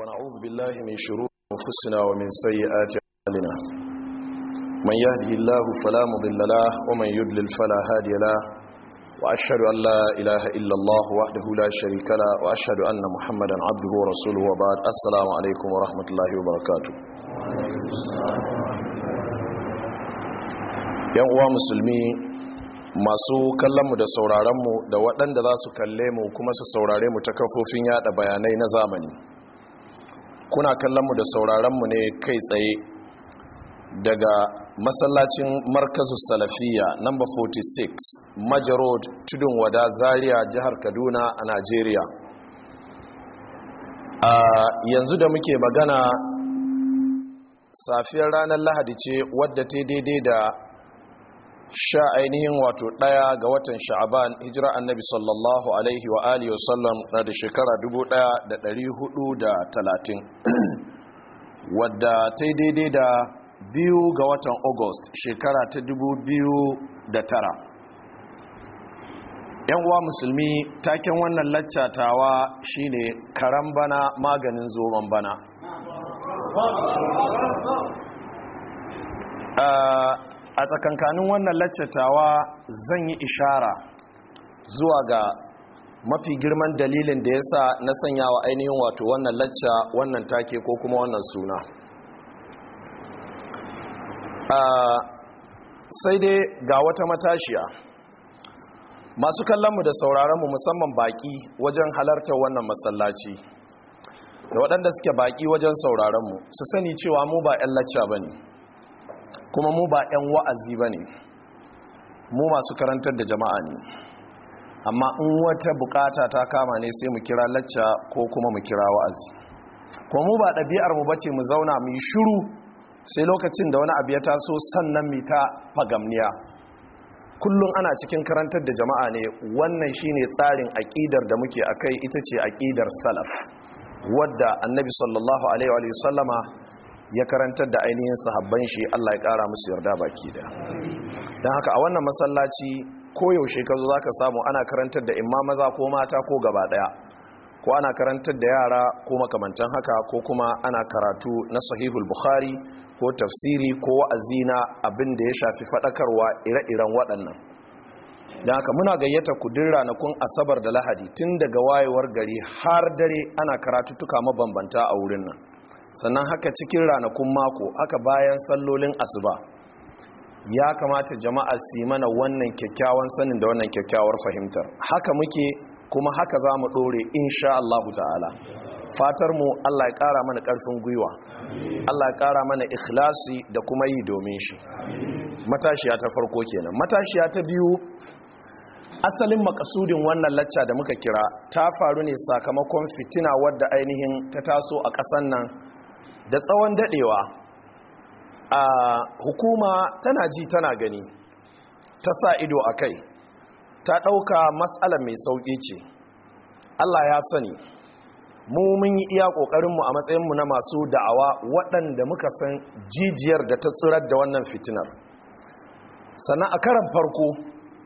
ونعوذ بالله من شرور أنفسنا ومن سيئات أعمالنا من يهده الله فلا مضل له ومن يضلل فلا هادي له وأشهد أن لا إله إلا الله وحده لا شريك له وأشهد أن محمدا عبده ورسوله وبعد السلام عليكم ورحمة الله وبركاته yan uwa musulmi masu kallonmu da sauraronmu da waɗanda za su kalle mu kuma su saurare mu ta kafofin yada bayanai na zamani kuna kallon mu da sauraron mu ne kai tsaye daga masallacin markazu salafiya number 46 majarod tudun wada zaria jihar kaduna a nigeria a yanzu da muke magana safiyar ranar lahadi ce wadda ta daidai da sha ainihin wato ɗaya ga watan sha'aban hijira annabi sallallahu alaihi wa alihi wasallam na da shekara 1430 wadda ta daidai da biyu ga watan august shekara ta 2009 yan uwa musulmi taken wannan laccatawa shine karan bana maganin zoman bana ah, a tsakankanin wannan laccatawa zan yi ishara zuwa ga mafi girman dalilin da ya sa na sanyawa ainihin wato wannan lacca wannan take ko kuma wannan suna sai dai ga wata matashiya masu kallonmu da sauraronmu musamman baki wajen halartar wannan masallaci da waɗanda suke baki wajen sauraronmu su sani cewa mu ba 'yan lacca ba ne kuma mu ba 'yan wa'azi ba ne mu masu karantar da jama'a ne amma in wata bukata ta kama ne sai mu kira lacca ko kuma mu kira wa'azi kuma mu ba ɗabi'ar mu bace mu zauna mu yi shiru sai lokacin da wani abu ya taso sannan mu ta fagamniya kullum ana cikin karantar da jama'a ne wannan shine tsarin aƙidar da muke akai ita ce aƙidar salaf wadda annabi sallallahu alaihi wa sallama ya karantar da ainihin sahabban shi Allah ya kara musu yarda baki da don haka a wannan masallaci koyaushe ka zo za ka samu ana karantar da imma maza ko mata ko gaba daya ko ana karantar da yara ko makamantan haka ko kuma ana karatu na sahihul bukhari ko tafsiri ko wa'azi na abin da ya shafi fadakarwa ire-iren waɗannan don haka muna gayyata ku duk ranakun asabar da lahadi tun daga wayewar gari har dare ana karatuttuka mabambanta a wurin nan sannan haka cikin ranakun mako aka bayan sallolin asuba ya kamata jama'a su mana wannan kyakkyawan sanin da wannan kyakkyawar fahimtar haka muke kuma haka za mu ɗore insha Allah ta'ala fatar mu Allah ya ƙara mana ƙarfin gwiwa Allah ya ƙara mana ikhlasi da kuma yi domin shi matashiya ta farko kenan matashiya ta biyu asalin makasudin wannan lacca da muka kira ta faru ne sakamakon fitina wadda ainihin ta taso a ƙasan nan da tsawon dadewa a hukuma tana ji tana gani ta sa ido a kai ta ɗauka matsalar mai sauƙi ce allah ya sani mu mun yi iya ƙoƙarinmu a matsayinmu na masu da'awa waɗanda muka san jijiyar da ta tsirar da wannan fitinar sannan a karan farko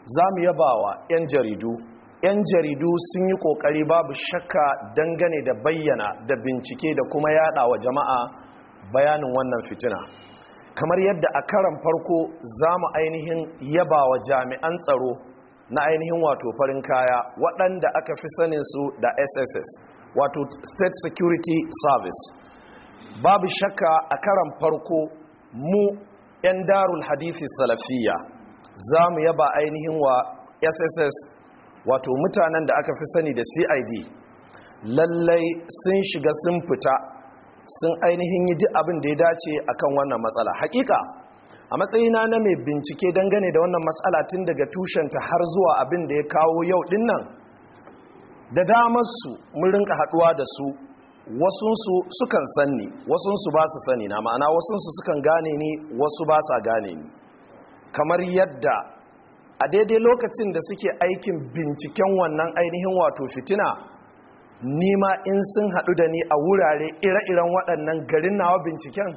za mu yaba wa 'yan jaridu 'yan jaridu sun yi kokari babu shakka dangane da bayyana da bincike da kuma yada wa jama'a bayanin wannan fitina kamar yadda a karan farko za mu ainihin yaba wa jami'an tsaro na ainihin wato farin kaya waɗanda aka fi sanin su da sss wato state security service babu shakka a karan farko mu 'yan darul hadithi salafiya za mu yaba ainihin wa sss wato mutanen da aka fi sani da cid lallai sun shiga sun fita sun ainihin yi duk abin da ya dace akan wannan matsala hakika a matsayina na mai bincike dangane da wannan matsala tun daga tushenta har zuwa abin da ya kawo yau dinnan da damar su mun rinka haduwa da su wasunsu sukan sani wasunsu ba su sani na ma'ana wasunsu sukan gane ni wasu ba sa gane ni kamar yadda a daidai lokacin da suke aikin binciken wannan ainihin wato fitina nima in sun haɗu da ni a wurare ire-iren waɗannan garin nawa binciken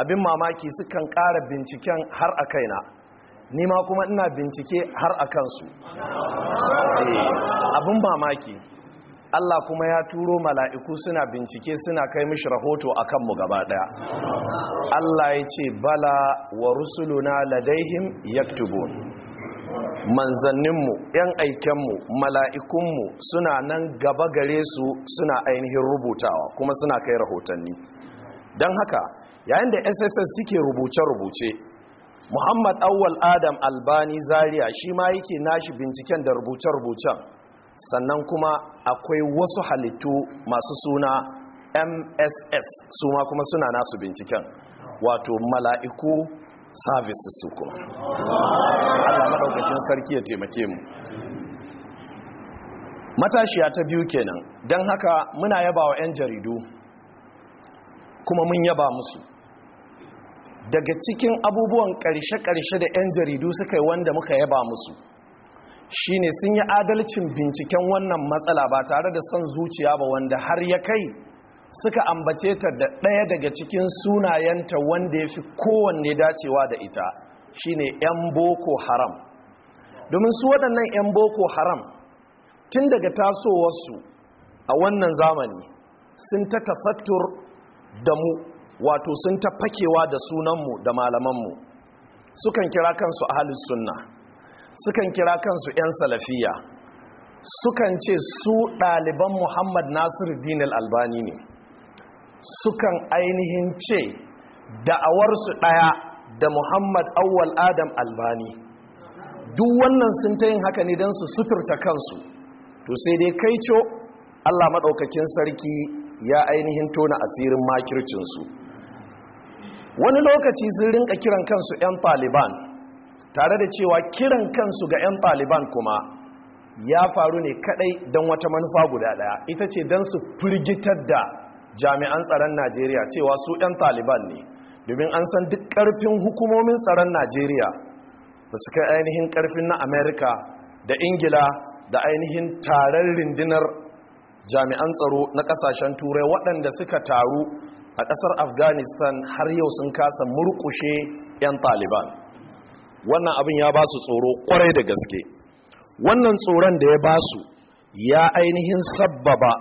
abin mamaki sukan ƙara binciken har a kaina nima kuma ina bincike har a kansu eh, abin mamaki Allah kuma ya turo mala'iku suna bincike suna kai mishi rahoto a kanmu gaba ɗaya. Allah ya ce, Bala wa rusuluna ladaihim yaktubun. manzanninmu yan aikenmu mala'ikunmu suna nan gaba gare su suna ainihin rubutawa kuma suna kai rahotanni don haka yayin da sss suke rubuce-rubuce muhammad awwal adam albani zaria shi ma yake nashi binciken da rubuce-rubucen sannan kuma akwai wasu halittu masu suna mss su ma kuma suna nasu binciken wato mala'iku services su kuma maɗaukakin sarki ya taimake mu matashiya ta biyu kenan don haka muna yaba wa 'yan jaridu kuma mun yaba musu daga cikin abubuwan ƙarshe-ƙarshe da 'yan jaridu suka yi wanda muka yaba musu shine sun yi adalcin binciken wannan matsala ba tare da son zuciya ba wanda har ya kai suka ambace ta da ɗaya daga cikin sunayenta wanda ya fi kowanne dacewa da ita shine 'yan boko haram domin su waɗannan 'yan boko haram tun daga tasowarsu a wannan zamani sun ta tasattur da mu wato sun ta fakewa da sunanmu da malamanmu sukan kira kansu ahalus sunna sukan kira kansu 'yan salafiya sukan ce su ɗaliban muhammad nasiru dinil albani ne sukan ainihin ce da'awarsu ɗaya da muhammad awwal adam albani duk wannan sun ta yin haka ne don su suturta kansu to sai dai kai co allah maɗaukakin sarki ya ainihin tona asirin makircinsu wani lokaci sun rinka kiran kansu 'yan taliban tare da cewa kiran kansu ga 'yan taliban kuma ya faru ne kadai don wata manufa guda daya ita ce don su firgitar da jami'an tsaron najeriya cewa su 'yan taliban ne domin an san duk ƙarfin hukumomin tsaron najeriya ba su kai ainihin karfin na amerika da ingila da ainihin taron rindinar jami'an tsaro na kasashen turai waɗanda suka taru a ƙasar afghanistan har yau sun kasa murkushe 'yan taliban wannan abin ya ba su tsoro kwarai da gaske wannan tsoron da ya ba su ya ainihin sabbaba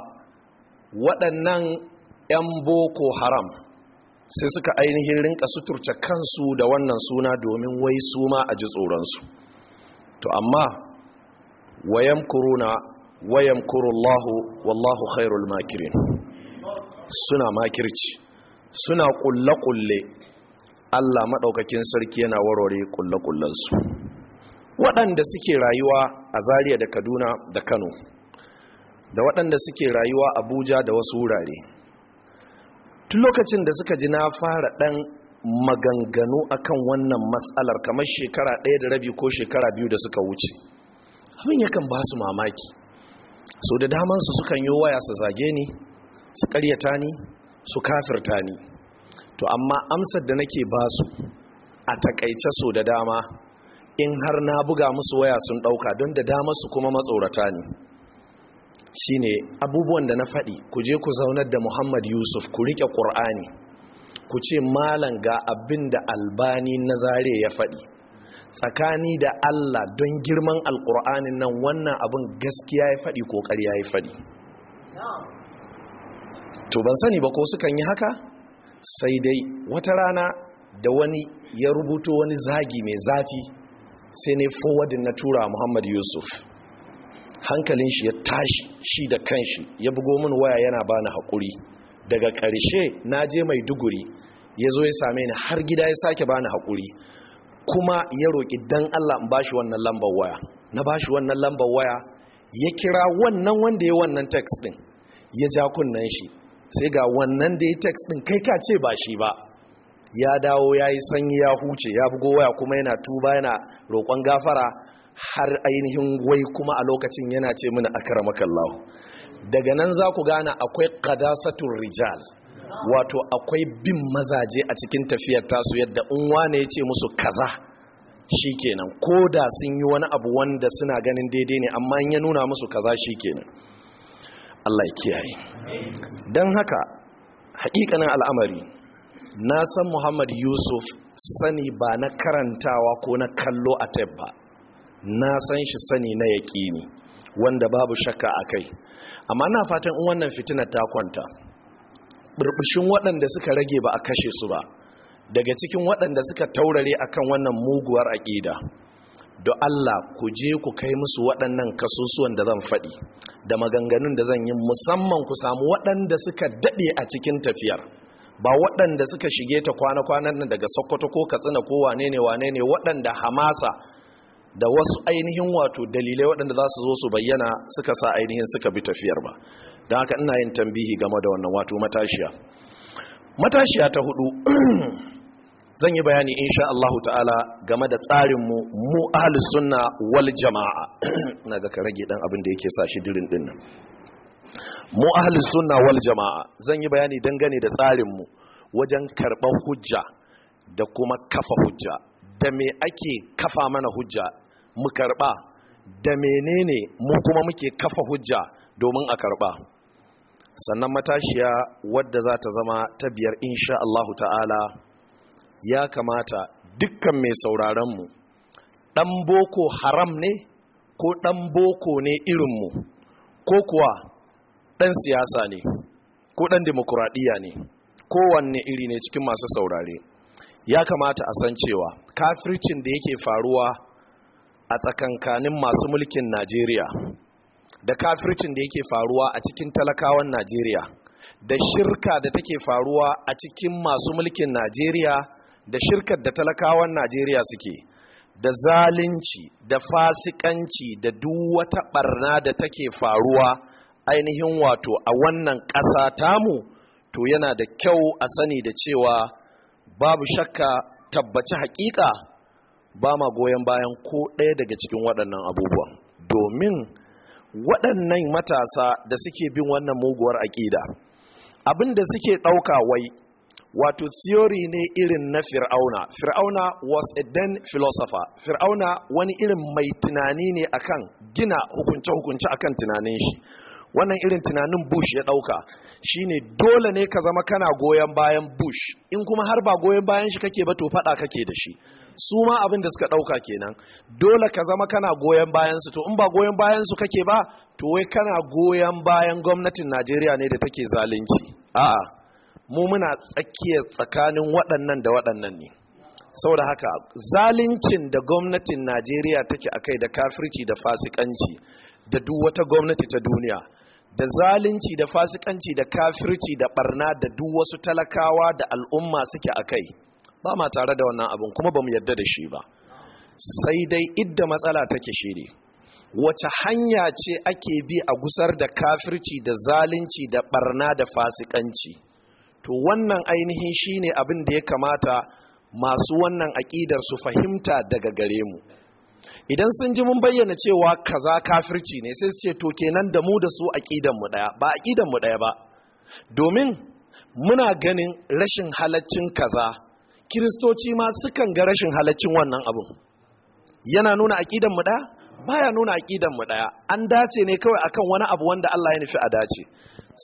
waɗannan 'yan boko haram sai suka ainihin rinka suturce kansu da wannan suna domin wai su ma a ji tsoronsu to amma wayan kuruna wayan kurullahu wallahu khairul makirin suna makirci suna kulle-kulle allah maɗaukakin sarki yana warware kulle-kullensu waɗanda suke rayuwa a zariya da kaduna da kano da waɗanda suke rayuwa abuja da wasu wurare tun lokacin da suka ji na fara ɗan maganganu akan wannan matsalar kamar shekara ɗaya da rabi ko shekara biyu da suka wuce abin yakan ba su mamaki so da damansu sukan yi waya su zage ni su karyata ni su kafirta ni to amma amsar da nake ba su a takaice so da dama in har na buga musu waya sun ɗauka don da su kuma matsorata ne shine abubuwan da na faɗi ku je ku zaunar da muhammad yusuf ku riƙe ƙur'ani ku ce malam ga abin da albani na zare ya faɗi tsakani da allah don girman alƙur'anin nan wannan abin gaskiya ya faɗi ko ƙarya ya faɗi to ban sani ba ko sukan yi haka sai dai wata rana da wani ya rubuto wani zagi mai zafi sai ne forwardin na tura muhammad yusuf hankalin shi ya tashi shi da kanshi ya bugo min waya yana bani hakuri daga ƙarshe na je mai duguri ya zo ya same ni har gida ya sake bani hakuri kuma ya roƙi dan Allah in shi wannan lambar waya na ba shi wannan lambar waya ya kira wannan wanda ya wannan text din ya ja kunnan shi sai ga wannan da ya text din kai ka ce ba shi ba ya dawo ya yi sanyi ya huce ya bugo waya kuma yana tuba yana roƙon gafara har ainihin wai kuma a lokacin yana ce mini akramakallahu daga nan za ku gane akwai kadasatun rijal wato akwai bin mazaje a cikin tafiyar tasu yadda unwa ne ya ce musu kaza shikenan ko da sun yi wani abu wanda suna ganin daidai ne amma in ya nuna musu kaza shikenan Allah ya kiyaye don haka hakikanin al'amari na san Muhammad Yusuf sani ba na karantawa ko na kallo a tab ba na san shi sani na yaƙini wanda babu shakka a kai amma na fatan in wannan fitina ta kwanta burbushin waɗanda suka rage ba a kashe su ba daga cikin waɗanda suka taurare akan wannan muguwar aƙida do Allah ku je ku kai musu waɗannan kasusuwan da zan faɗi da maganganun da zan yi musamman ku samu waɗanda suka daɗe a cikin tafiyar ba waɗanda suka shige ta kwana-kwanan daga sokoto ko katsina ko wane ne wane ne waɗanda hamasa da wasu ainihin wato dalilai waɗanda za su zo su bayyana suka sa ainihin suka bi tafiyar ba don haka ina yin tambihi game da wannan wato matashiya matashiya ta hudu zan yi bayani insha Allah ta'ala game da tsarinmu mu ahli sunna wal jama'a ina ga ka rage dan abin da yake sa shi dirin din nan mu ahli sunna wal jama'a zan yi bayani dangane da tsarinmu wajen karɓar hujja da kuma kafa hujja da me ake kafa mana hujja mu karba da menene mu kuma muke kafa hujja domin a karba sannan matashiya wadda za ta zama ta biyar insha Allahu ta'ala ya kamata dukkan mai sauraron mu dan boko haram ne ko dan boko ne irin mu ko kuwa ɗan siyasa ne ko ɗan demokradiya ne kowanne iri ne cikin masu saurare ya kamata a san cewa kafircin da yake faruwa a tsakankanin masu mulkin najeriya da kafircin da yake faruwa a cikin talakawan najeriya da shirka da take faruwa a cikin masu mulkin najeriya da shirkar da talakawan najeriya suke da zalunci da fasikanci da duk wata barna da take faruwa ainihin wato a wannan ƙasa tamu to yana da kyau a sani da cewa babu shakka tabbaci hakika ba ma goyon bayan ko ɗaya daga cikin waɗannan abubuwa domin waɗannan matasa da suke bin wannan muguwar aƙida abin da suke ɗauka wai wato theory ne irin na fir'auna fir'auna was a then philosopher fir'auna wani irin mai tunani ne akan gina hukunce-hukunce akan tunanin shi wannan irin tunanin bush ya dauka shine dole ne ka zama kana goyon bayan bush in kuma har ba goyon bayan shi kake ba to fada kake da shi su ma abin da suka dauka kenan dole ka zama kana goyon bayan su to in ba goyon bayan su kake ba to wai kana goyon bayan gwamnatin Najeriya ne da take zalunci a'a mu muna tsakiyar tsakanin waɗannan da waɗannan ne saboda haka zaluncin da gwamnatin Najeriya take kai da kafirci da fasikanci da duk wata gwamnati ta duniya da zalunci da fasikanci da kafirci da barna da duk wasu talakawa da al'umma suke a kai ba ma tare da wannan abin kuma ba mu yarda da shi ba sai dai idda matsala take shiri wace hanya ce ake bi a gusar da kafirci da zalunci da barna da fasikanci to wannan ainihin shine abin da ya kamata masu wannan aƙidar su fahimta daga gare mu idan sun ji mun bayyana cewa kaza kafirci ne sai su ce to kenan da mu da su aqidanmu daya ba aqidanmu daya ba domin muna ganin rashin halaccin kaza kiristoci ma sukan ga rashin halaccin wannan abun yana nuna aqidanmu daya baya nuna aqidanmu daya an dace ne kawai akan wani abu wanda Allah ya nufi a dace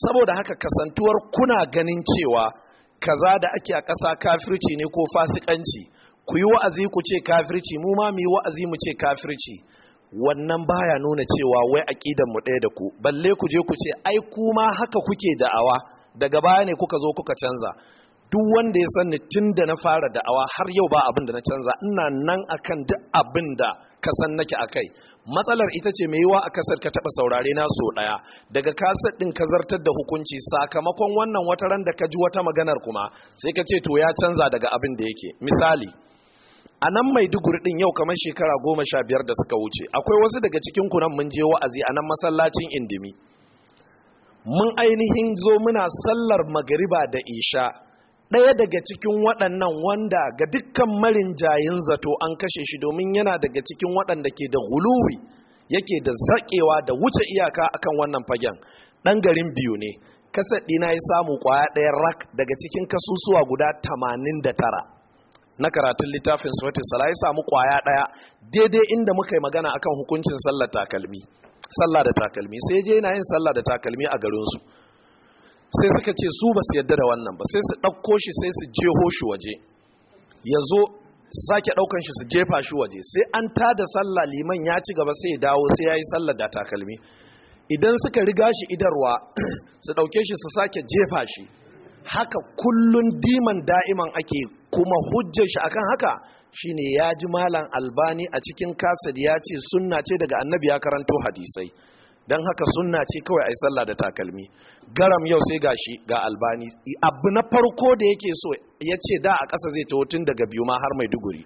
saboda haka kasantuwar kuna ganin cewa kaza da ake a ƙasa kafirci ne ko fasikanci ku yi wa'azi ku ce kafirci mu ma mu yi wa'azi mu ce kafirci wannan baya nuna cewa wai aqidan mu ɗaya da ku balle ku je ku ce ai kuma haka kuke da'awa daga baya ne kuka zo kuka canza duk wanda ya sani tun da na fara da'awa har yau ba abin da na canza ina nan akan duk abin da ka san nake akai matsalar ita ce mai yiwa a kasar ka taba saurare na so daya daga kasar din ka zartar da hukunci sakamakon wannan wataran da ka ji wata maganar kuma sai ka ce to ya canza daga abin da yake misali a nan maiduguri din yau kamar shekara goma sha biyar da suka wuce akwai wasu daga cikin kunan mun je wa'azi a nan masallacin indimi mun ainihin zo muna sallar magariba da isha ɗaya daga cikin waɗannan wanda ga dukkan marinjayin zato an kashe shi domin yana daga cikin waɗanda ke da huluwi yake da zaƙewa da wuce iyaka akan wannan fagen ɗan garin biyu ne kasaɗi na ya samu ƙwaya ɗaya rak daga cikin kasusuwa guda tamanin da tara. na karatun littafin suratul sala ya samu kwaya daya daidai inda muka yi magana akan hukuncin sallar takalmi sallah da takalmi sai je yana yin sallah da takalmi a garin su sai suka ce su ba su yadda da wannan ba sai su ɗauko shi sai su jeho shi waje ya zo sake ɗaukan shi su jefa shi waje sai an tada sallah liman ya ci gaba sai ya dawo sai ya yi sallah da takalmi idan suka riga shi idarwa su ɗauke shi su sake jefa shi haka kullum diman da'iman ake kuma hujjar shi akan haka shine ya ji malam albani a cikin kasad ya ce sunna ce daga annabi ya karanto hadisai don haka sunna ce kawai a yi sallah da takalmi garam yau sai gashi ga albani abu na farko da yake so ya ce da a ƙasa zai tawo tun daga biyu ma har mai duguri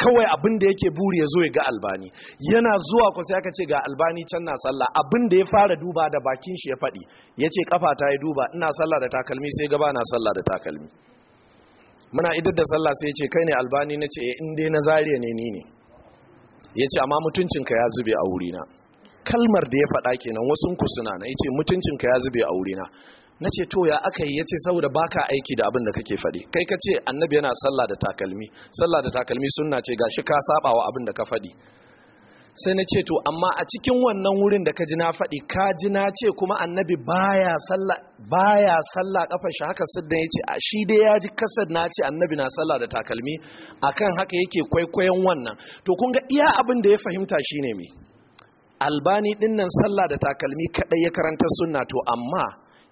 kawai abin da yake buri ya zo ya ga albani yana zuwa ku sai aka ce ga albani can na sallah abin da ya fara duba da bakin shi ya faɗi ya ce kafa ta yi duba ina sallah da takalmi sai gaba na sallah da takalmi muna idar da sallah sai ya ce kai ne albani na ce eh, in dai na zariya ne ni ne ya ce amma mutuncinka ya zube a wurina kalmar da ya faɗa kenan wasu kusuna na ya ce mutuncinka ya zube a wurina na ce to ya aka yi ya ce saboda baka aiki da abin da kake faɗi kai ka ce annabi yana sallah da takalmi sallah da takalmi sunna ce gashi ka saba wa abin da ka faɗi sai na ce to amma a cikin wannan wurin da ka ji na faɗi ka ji na ce kuma annabi baya sallah baya kafar shi haka sidda ya ce a shi dai ya ji kasar na ce annabi na sallah da takalmi akan haka yake kwaikwayon wannan to kun ga iya abin da ya fahimta shi ne me albani din nan sallah da takalmi kaɗai ya karanta sunna to amma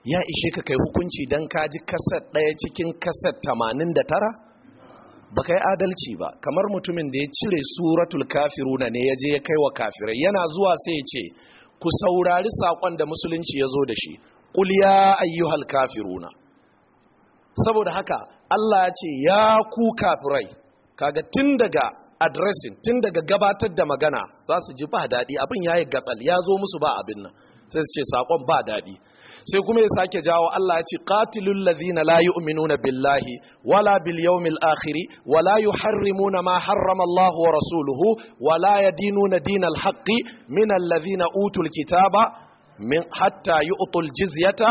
ya ishe ka kai hukunci don ka ji kasar ɗaya cikin kasar tamanin da tara ba kai yi adalci ba kamar mutumin da ya cire suratul kafiruna ne ya je ya kai wa kafirai yana zuwa sai ya ce ku saurari saƙon da musulunci ya zo da shi ƙul ya ayyuhal kafiruna saboda haka Allah ya ce ya ku kafirai kaga tun daga addressing tun daga gabatar da magana za su ji ba daɗi abin ya yi gatsal ya zo musu ba abin nan sai su ce sakon ba daɗi sai kuma ya sake jawo Allah ya ce qatilul ladhina la yu'minuna billahi wala bil yawmil akhir wala yuharrimuna ma harrama Allah wa rasuluhu wala yadinuna dinal haqqi min alladhina utul kitaba min hatta yu'tul jizyata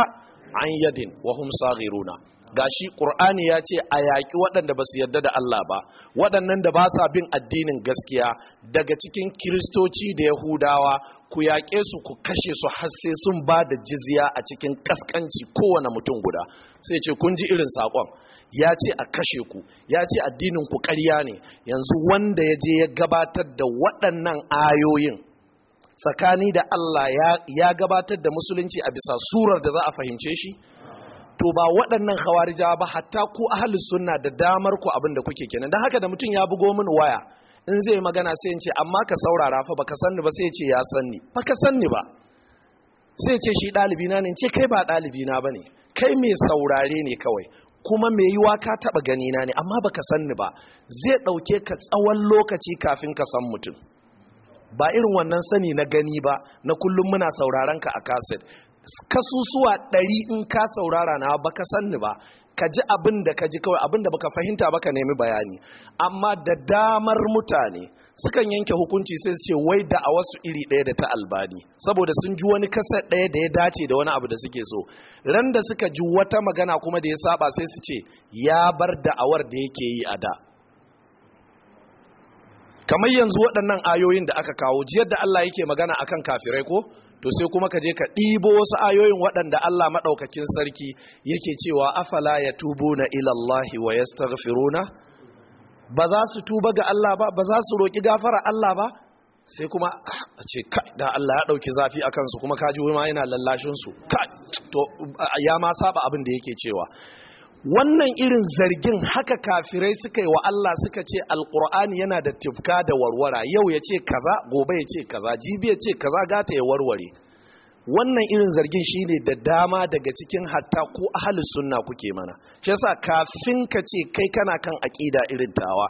an yadin wa hum saghiruna gashi qur'ani ya ce a yaƙi waɗanda ba su yarda da Allah ba waɗannan da ba sa bin addinin gaskiya daga cikin kiristoci da yahudawa ku yaƙe su ku kashe su har sai sun ba da jiziya a cikin ƙasƙanci kowane mutum guda sai ce kun ji irin saƙon ya ce a kashe ku ya ce addinin ku ƙarya ne yanzu wanda ya je ya gabatar da waɗannan ayoyin tsakani da Allah ya gabatar da musulunci a bisa surar da za a fahimce shi to ba waɗannan khawarija ba hatta ku ahlus sunna da damar ku abin da kuke kenan dan haka da mutum ya bugo min waya in zai magana sai in ce amma ka saurara fa baka sanni ba sai ya ce ya sanni baka sanni ba sai ce shi ɗalibi na ne ce kai ba ɗalibi na bane kai mai saurare ne kawai kuma mai yiwa ka taba gani na ne amma baka sanni ba zai ɗauke ka tsawon lokaci kafin ka san mutum ba irin wannan sani na gani ba na kullum muna sauraron ka a kaset kasusuwa ɗari in ka saurara na ka sanni ba ka ji abin da ka ji kawai abin da baka fahimta ba ka nemi bayani amma da damar mutane sukan yanke hukunci sai su ce wai da a wasu iri ɗaya da ta albani saboda sun ji wani kasa ɗaya da ya dace da wani abu da suke so ran da suka ji wata magana kuma da ya saba sai su ce ya bar da'awar da yake yi a da kamar yanzu waɗannan ayoyin da aka kawo jiyar da Allah yake magana akan kafirai ko to sai kuma ka je ka ɗibo wasu ayoyin waɗanda Allah maɗaukakin sarki yake cewa afala ya tubo na ilallahi wa na ba za su tuba ga Allah ba ba za su roƙi gafara Allah ba sai kuma ah, a ce da Allah ya ɗauki zafi a kansu kuma kaji ma yana lallashinsu, ka ya ma saba abin da yake cewa wannan irin zargin haka kafirai suka yi wa Allah suka ce alkur'ani yana da tifka da warwara yau ya ce kaza gobe ya ce kaza jibi ya ce kaza gata ya warware wannan irin zargin shine da dama daga cikin hatta ku ahli sunna kuke mana shi yasa kafin ka ce kai kana kan aƙida irin tawa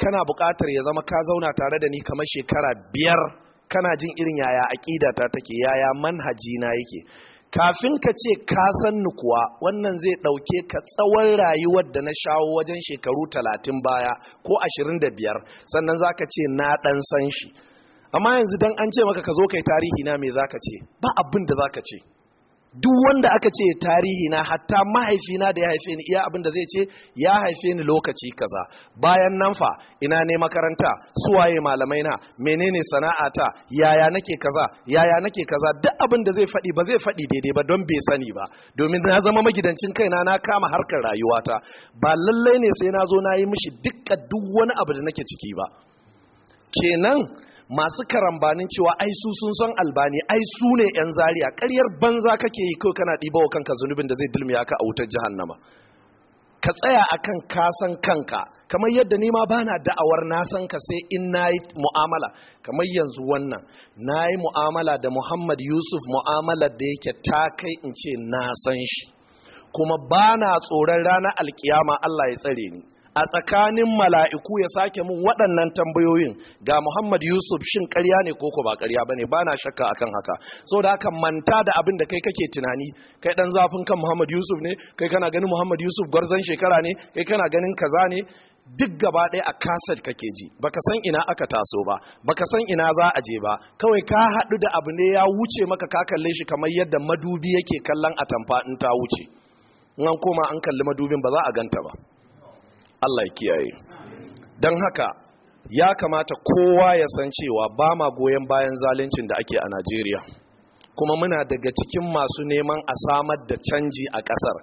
kana buƙatar ya zama ka zauna tare da ni kamar shekara biyar kana jin irin yaya aƙida ta take yaya manhaji na yake kafin ka ce ka san ni kuwa wannan zai ɗauke ka tsawon rayuwar da na shawo wajen shekaru talatin baya ko ashirin da biyar sannan za ka ce na ɗan san shi amma yanzu don an ce maka ka zo kai tarihi na me za ka ce ba abin da za ka ce duk wanda aka ce tarihi na hatta mahaifina da ya haife ni iya abin da zai ce ya haife ni lokaci kaza bayan nan fa ina ne makaranta suwaye malamai na menene sana'a ta? yaya nake kaza yaya nake kaza duk abin da zai faɗi ba zai faɗi daidai ba don bai sani ba domin na zama magidancin kaina na kama harkar rayuwata ba lallai ne sai na zo na yi mishi dukkan duk wani abu da nake ciki ba kenan masu karambanin cewa ai su sun san albani ai su ne yan zaria Karyar banza kake yi kawai kana ɗibawa kanka zunubin da zai dulmiya ka a wutar jahannama ka tsaya akan kasan kanka kamar yadda ni ma bana da'awar nasan ka sai in nayi mu'amala kamar yanzu wannan nayi mu'amala da Muhammad Yusuf mu'amala da yake ta kai in ce na san shi kuma bana tsoron ranar alkiyama Allah ya tsare ni a tsakanin mala'iku ya sake mun waɗannan tambayoyin ga Muhammad Yusuf shin karya ne ko ba ƙarya ne? ba na shakka akan haka da haka manta da abin da kai kake tunani kai ɗan zafin kan Muhammad Yusuf ne kai kana ganin Muhammad Yusuf gwarzon shekara ne kai kana ganin kaza ne duk gaba ɗaya a kasar kake ji baka san ina aka taso ba baka san ina za a je ba kawai ka haɗu da abu ne ya wuce maka ka kalle shi kamar yadda madubi yake kallon atamfa in ta wuce in an koma an kalli madubin ba za a ganta ba Allah ya kiyaye don haka ya kamata kowa ya san cewa ba ma goyon bayan zaluncin da ake a Najeriya kuma muna daga cikin masu neman a samar da canji a ƙasar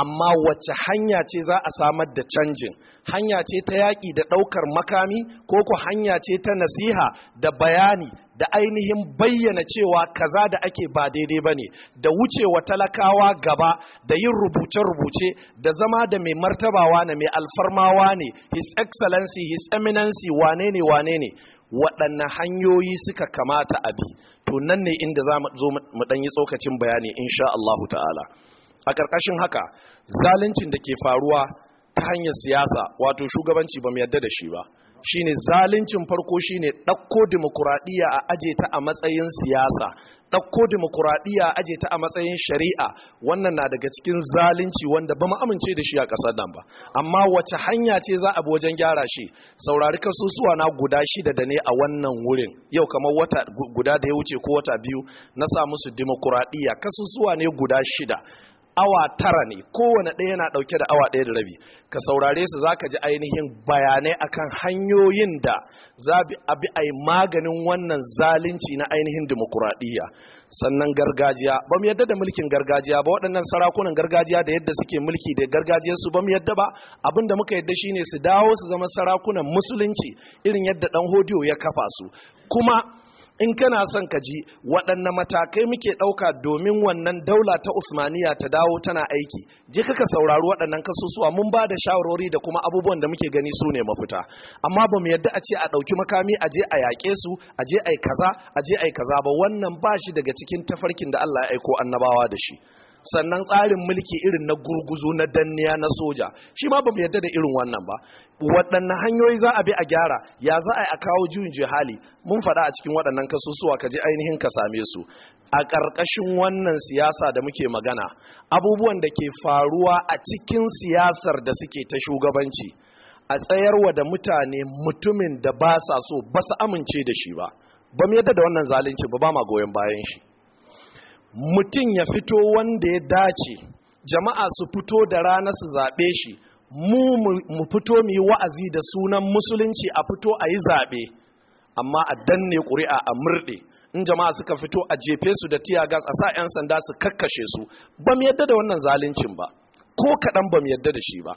amma wacce hanya ce za a samar da canjin hanya ce ta yaƙi da ɗaukar makami ko ku hanya ce ta nasiha da bayani da ainihin bayyana cewa kaza da ake ba daidai ba ne da wucewa talakawa gaba da yin rubuce-rubuce da zama da mai martabawa na mai alfarmawa ne his excellency his eminency wane ne wane ne waɗanne hanyoyi suka kamata a bi to nan ne inda za mu zo mu dan yi tsokacin bayani insha Allah ta'ala a karkashin haka zaluncin da ke faruwa ta hanyar siyasa wato shugabanci ba mu yadda da shi ba shine zalincin farko shine ɗauko dimokuraɗiyya a aje ta a matsayin siyasa ɗauko dimokuraɗiyya a aje ta a matsayin shari'a wannan na daga cikin zalunci wanda ba mu amince da shi a ƙasar nan ba amma wace hanya ce za a bi wajen gyara shi saurari kasusuwa na guda shida da ne a wannan wurin yau kamar wata guda da ya wuce ko wata biyu na sa musu dimokuraɗiyya kasusuwa ne guda shida awa tara ne kowane ɗaya yana ɗauke da awa ɗaya da rabi ka saurare su za ka ji ainihin bayanai akan hanyoyin da za a bi a maganin wannan zalunci na ainihin dimokuraɗiyya sannan gargajiya ba mu yadda da mulkin gargajiya ba waɗannan sarakunan gargajiya da yadda suke mulki da gargajiyarsu ba mu yadda ba abin da muka yadda shine su dawo su zama sarakunan musulunci irin yadda ɗan hodiyo ya kafa su kuma in kana son ka ji waɗanne matakai muke ɗauka domin wannan daula ta usmaniya ta dawo tana aiki je kaka saurari waɗannan kasusuwa mun ba da shawarwari da kuma abubuwan da muke gani su ne mafita amma ba mu yadda a ce a ɗauki makami a je a yaƙe su a je a yi kaza a je a yi kaza ba wannan ba shi daga cikin tafarkin da allah ya aiko annabawa da shi sannan tsarin mulki irin na gurguzu na danniya na soja shi ma ba mu yadda da irin wannan ba waɗanne hanyoyi za a bi a gyara ya za a yi a kawo juyin jihali mun faɗa a cikin waɗannan kasusuwa ka ji ainihin ka same su a ƙarƙashin wannan siyasa da muke magana abubuwan da ke faruwa a cikin siyasar da suke ta shugabanci a tsayarwa da mutane mutumin da ba sa so ba su amince da shi ba ba mu yadda da wannan zalunci ba ba ma goyon bayan shi mutum ya fito wanda ya dace jama'a su fito da rana su zaɓe shi mu mu fito mu yi wa'azi da sunan musulunci a fito a yi zaɓe amma a danne ƙuri'a a murɗe in jama'a suka fito a jefe su da tiya gas a sa 'yan sanda su kakkashe su ba mu yadda da wannan zaluncin ba ko kaɗan ba mu yadda da shi ba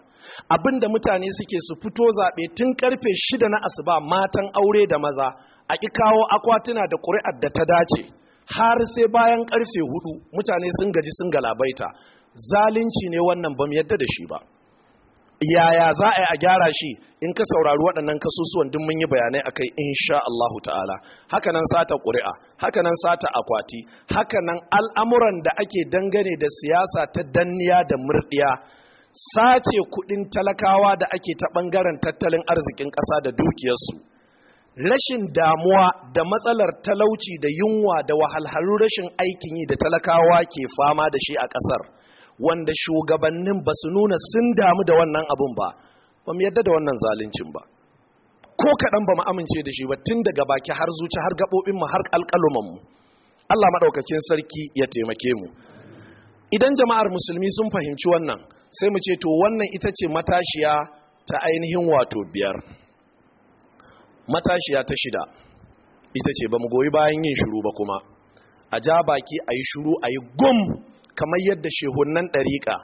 Abin da mutane suke su fito zaɓe tun karfe shida na asuba matan aure da maza a ƙi kawo akwatuna da ƙuri'ar da ta dace har sai bayan karfe hudu mutane sun gaji sun galabaita zalunci ne wannan bam yadda da shi ba yaya za a yi a gyara shi in ka saurari waɗannan kasusuwan duk mun yi bayanai a kai insha Allah ta'ala haka nan sata ƙuri'a haka nan sata akwati haka nan al'amuran da ake dangane da siyasa ta danniya da murɗiya sace kuɗin talakawa da ake ta ɓangaren tattalin arzikin ƙasa da dukiyarsu rashin damuwa da matsalar talauci da yunwa da wahalhalu rashin aikin yi da talakawa ke fama da shi a ƙasar wanda shugabannin ba su nuna sun damu da wannan abun ba ba mu yadda da wannan zaluncin ba ko kaɗan ba mu amince da shi ba tun daga baki har zuci har gaɓoɓinmu har alƙalumanmu allah maɗaukakin sarki ya taimake mu idan jama'ar musulmi sun fahimci wannan sai mu ce to wannan ita ce matashiya ta ainihin wato biyar matashiya ta shida ita ce ba mu goyi bayan yin shuru ba kuma a ja baki a yi shuru a yi gum kamar yadda shehunan ɗariƙa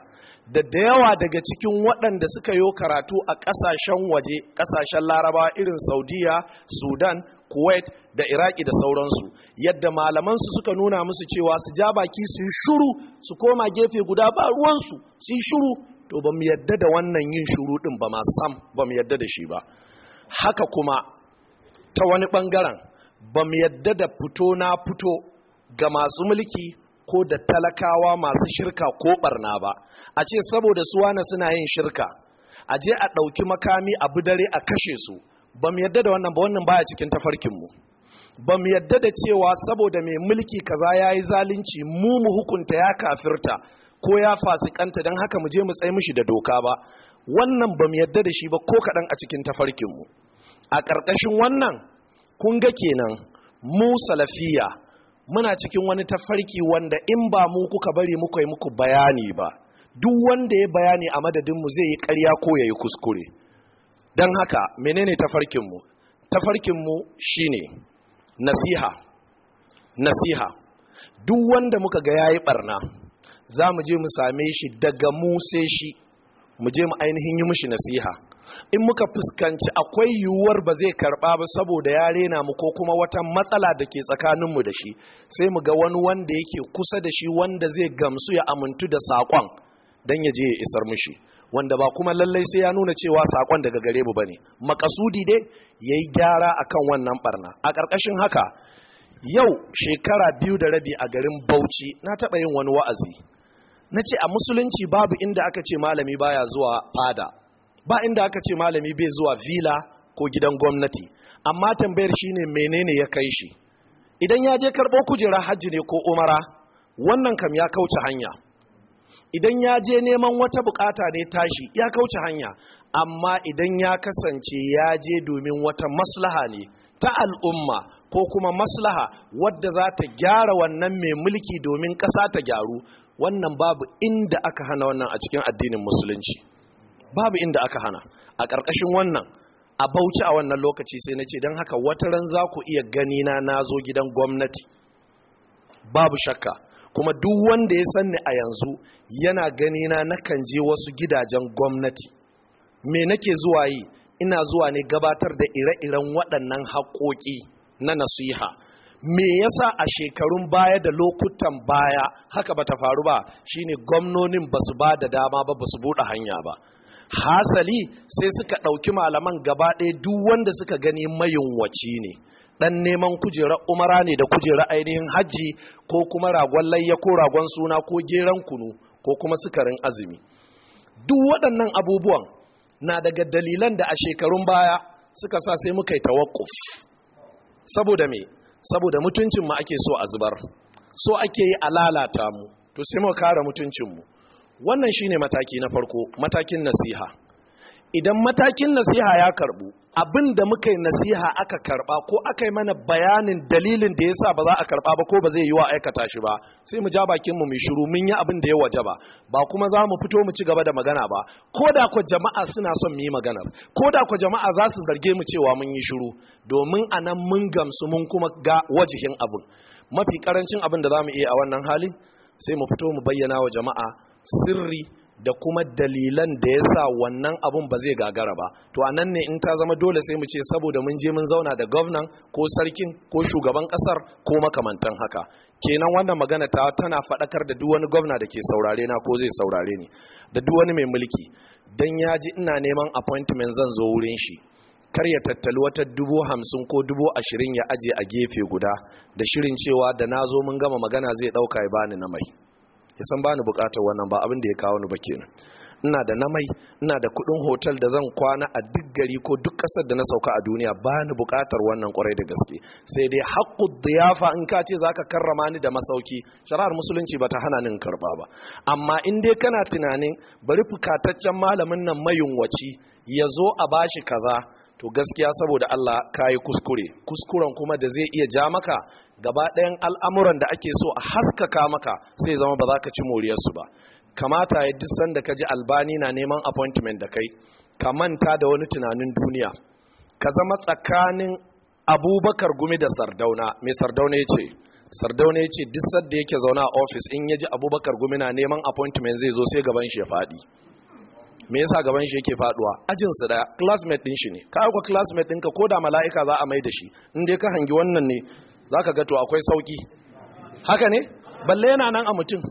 da da yawa daga cikin waɗanda suka yi karatu a ƙasashen waje ƙasashen larabawa irin saudiya sudan kuwait da iraki da sauransu yadda malamansu suka nuna musu cewa su ja baki su yi shuru su koma gefe guda ba ruwansu su yi shuru to ba mu yadda da wannan yin shuru ɗin ba ma sam ba mu yadda da shi ba haka kuma ta wani bangaren ba mu yadda da fito na fito ga masu mulki ko da talakawa masu shirka ko barna ba a ce saboda su wane suna yin shirka a je a ɗauki makami abu dare a kashe su ba mu yadda da wannan ba wannan baya cikin tafarkinmu ba mu yadda da cewa saboda mai mulki kaza ya yi zalunci mu mu hukunta ya kafirta ko ya fasikanta don haka mu je mu tsaye mishi da doka ba wannan ba mu yadda da shi ba ko kaɗan a cikin tafarkinmu a ƙarƙashin wannan kun ga kenan mu salafiya muna cikin wani tafarki wanda in ba mu kuka bari muka yi muku bayani ba duk wanda ya bayani a madadinmu zai yi ƙarya ko ya yi kuskure don haka menene tafarkinmu tafarkinmu shi ne, nasiha nasiha duk wanda muka ga yayi barna za mu je mu same shi daga mu sai shi mu je mu ainihin yi mushi nasiha in muka fuskanci akwai yiwuwar ba zai karba ba saboda ya rena mu ko kuma wata matsala da ke tsakaninmu da shi sai mu ga wani wanda yake kusa da shi wanda zai gamsu ya amintu da saƙon don ya je ya isar mushi wanda ba kuma lallai sai ya nuna cewa saƙon daga gare mu bane makasudi dai yayi gyara akan wannan barna a ƙarƙashin haka yau shekara biyu da rabi a garin Bauchi na taɓa yin wani wa'azi na ce a musulunci babu inda aka ce malami baya zuwa fada ba inda aka ce malami bai zuwa villa ko gidan gwamnati amma tambayar shine menene ya kai shi idan ya je karɓo kujerar hajji ne ko umara wannan kam ya kauce hanya idan ya je neman wata bukata ne tashi ya kauce hanya amma idan ya kasance ya je domin wata maslaha ne ta al'umma ko kuma maslaha wadda za ta gyara wannan mai mulki domin ƙasa ta gyaru wannan babu inda aka hana wannan a cikin addinin musulunci babu inda aka hana a ƙarƙashin wannan a bauchi a wannan lokaci sai na ce don haka wata ran za ku iya gani na na zo gidan gwamnati babu shakka kuma duk wanda ya sanni a yanzu yana gani na nakan je wasu gidajen gwamnati me nake zuwa yi ina zuwa ne gabatar da ire-iren waɗannan haƙoƙi na nasiha me yasa a shekarun baya da lokutan baya haka bata faru ba shine gwamnonin basu ba da dama ba basu buɗe hanya ba hasali sai suka ɗauki malaman gaba ɗaya duk wanda suka gani mayunwaci ne Ɗan neman kujerar umara ne da kujerar ainihin hajji ko kuma ragon layya ko ragon suna ko geran kunu ko kuma sukarin azumi duk waɗannan abubuwan na daga dalilan da a shekarun baya suka sa sai muka yi tawakkuf saboda me saboda mutuncin mu ake so a zubar so ake yi a lalata mu to sai mu kare mutuncin mu wannan shine mataki na farko matakin nasiha idan matakin nasiha ya karbu abin da muka yi nasiha aka karba ko aka yi mana bayanin dalilin da yasa ba za a karba ba ko ba zai yi wa aikata shi ba sai mu ja bakinmu mu mu shiru mun yi abin da ya waje ba ba kuma za mu fito mu ci gaba da magana ba ko da kwa jama'a suna son mu yi maganar ko da kwa jama'a za su zarge mu cewa mun yi shiru domin anan mun gamsu mun kuma ga wajihin abin mafi karancin abin da za mu iya a wannan hali sai mu fito mu bayyana wa jama'a sirri da kuma dalilan da ya sa wannan abun ba zai gagara ba to a nan ne in ta zama dole sai mu ce saboda mun je mun zauna da gwamnan ko sarkin ko shugaban kasar ko makamantan haka kenan wannan magana ta tana faɗakar da duk wani gwamna da ke saurare na ko zai saurare ni da duk wani mai mulki dan ya ji ina neman appointment zan zo wurin shi kar ya tattali wata dubu hamsin ko dubu ashirin ya aje a gefe guda da shirin cewa da na zo mun gama magana zai ɗauka ya bani na mai ya san ba ni bukatar wannan ba abin da ya kawo ni ba kenan ina da namai ina da kudin hotel da zan kwana a duk gari ko duk kasar da na sauka a duniya ba ni bukatar wannan kwarai da gaske sai dai haƙƙu diyafa in ka ce zaka karrama ni da masauki shari'ar musulunci bata hana ni karba ba amma in dai kana tunanin bari fukataccen malamin nan mayunwaci ya zo a bashi kaza to gaskiya saboda Allah kayi kuskure kuskuren kuma da zai iya ja maka gaba ɗayan al'amuran da ake so a haskaka maka sai zama ba za ka ci moriyarsu ba kamata ya duk sanda ka ji albani na neman appointment da kai ka manta da wani tunanin duniya ka zama tsakanin abubakar gumi da sardauna mai sardauna ya ce sardauna ya ce duk da yake zaune a ofis in ya ji abubakar gumi na neman appointment zai zo sai gaban shi ya faɗi me yasa gaban shi yake faduwa ajin su da classmate din shi ne ka ga classmate ɗinka ko da mala'ika za a mai da shi in dai ka hangi wannan ne za ka gato akwai sauki haka ne balle yana nan a mutum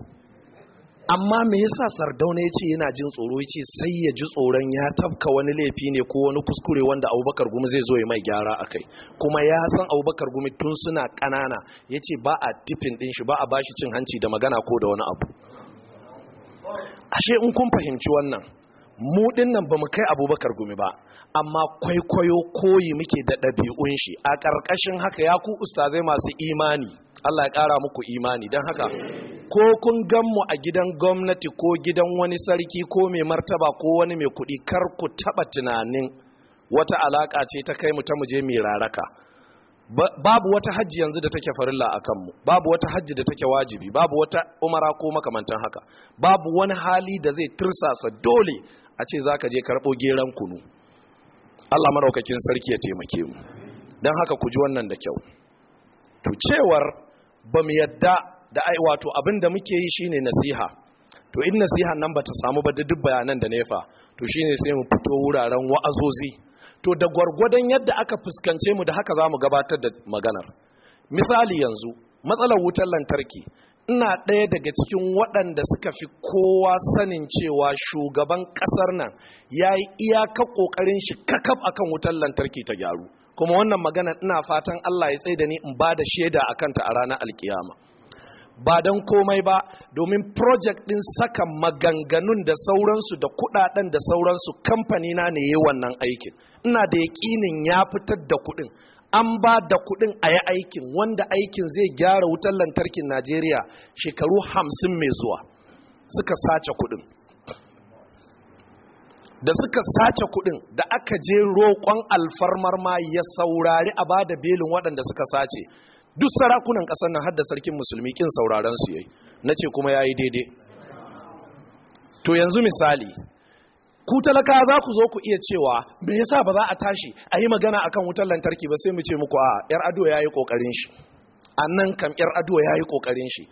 amma me yasa sardauna ya ce yana jin tsoro ya ce sai ya ji tsoron ya tafka wani laifi ne ko wani kuskure wanda abubakar gumi zai zo ya mai gyara a kai kuma ya san abubakar gumi tun suna ƙanana ya ce ba a tifin ɗin shi ba a bashi cin hanci da magana ko da wani abu ashe in kun fahimci wannan mu dinnan ba mu kai abubakar gumi ba amma kwaikwayo koyi muke da ɗabi'un shi a ƙarƙashin haka ya ku ustazai masu imani allah ya ƙara muku imani don haka ko kun gan mu a gidan gwamnati ko gidan wani sarki ko mai martaba ko wani mai kuɗi kar ku taɓa tunanin wata alaƙa ce ta kai mu ta muje mai raraka babu wata hajji yanzu da take farilla a kanmu babu wata hajji da take wajibi babu wata umara ko makamantan haka babu wani hali da zai tursasa dole a ce za ka je karɓo geran kunu allah maraukakin sarki ya taimake mu don haka ku ji wannan da kyau to cewar ba mu yadda da ai wato abin da muke yi shine nasiha to in nasiha nan ba ta samu ba da duk bayanan da nefa to shine sai mu fito wuraren wa'azozi to da gwargwadon yadda aka fuskance mu da haka za mu gabatar da maganar misali yanzu matsalar wutar lantarki ina ɗaya daga cikin waɗanda suka fi kowa sanin cewa shugaban ƙasar nan ya yi iyaka ƙoƙarin shi kakaf kan wutar lantarki ta gyaru kuma wannan magana ina fatan Allah ya tsaye da ni in ba da shaida a kanta a ranar alkiyama ba don komai ba domin project ɗin saka maganganun da sauransu da kuɗaɗen da sauransu kamfanina na ne yi wannan aikin ina da yaƙinin ya fitar da kuɗin an ba da kuɗin a yi aikin wanda aikin zai gyara wutar lantarkin najeriya shekaru hamsin mai zuwa suka sace kuɗin da suka sace kuɗin da aka je roƙon alfarmar ma ya saurari a ba da belin waɗanda suka sace duk sarakunan ƙasar nan har da sarkin musulmi kin sauraron su yayi na ce kuma ya yi daidai to yanzu misali ku talaka za ku zo ku iya cewa me yasa ba za a tashi a yi magana akan wutar lantarki ba sai mu ce muku a yar ado ya yi kokarin shi a nan kam yar ado ya yi kokarin shi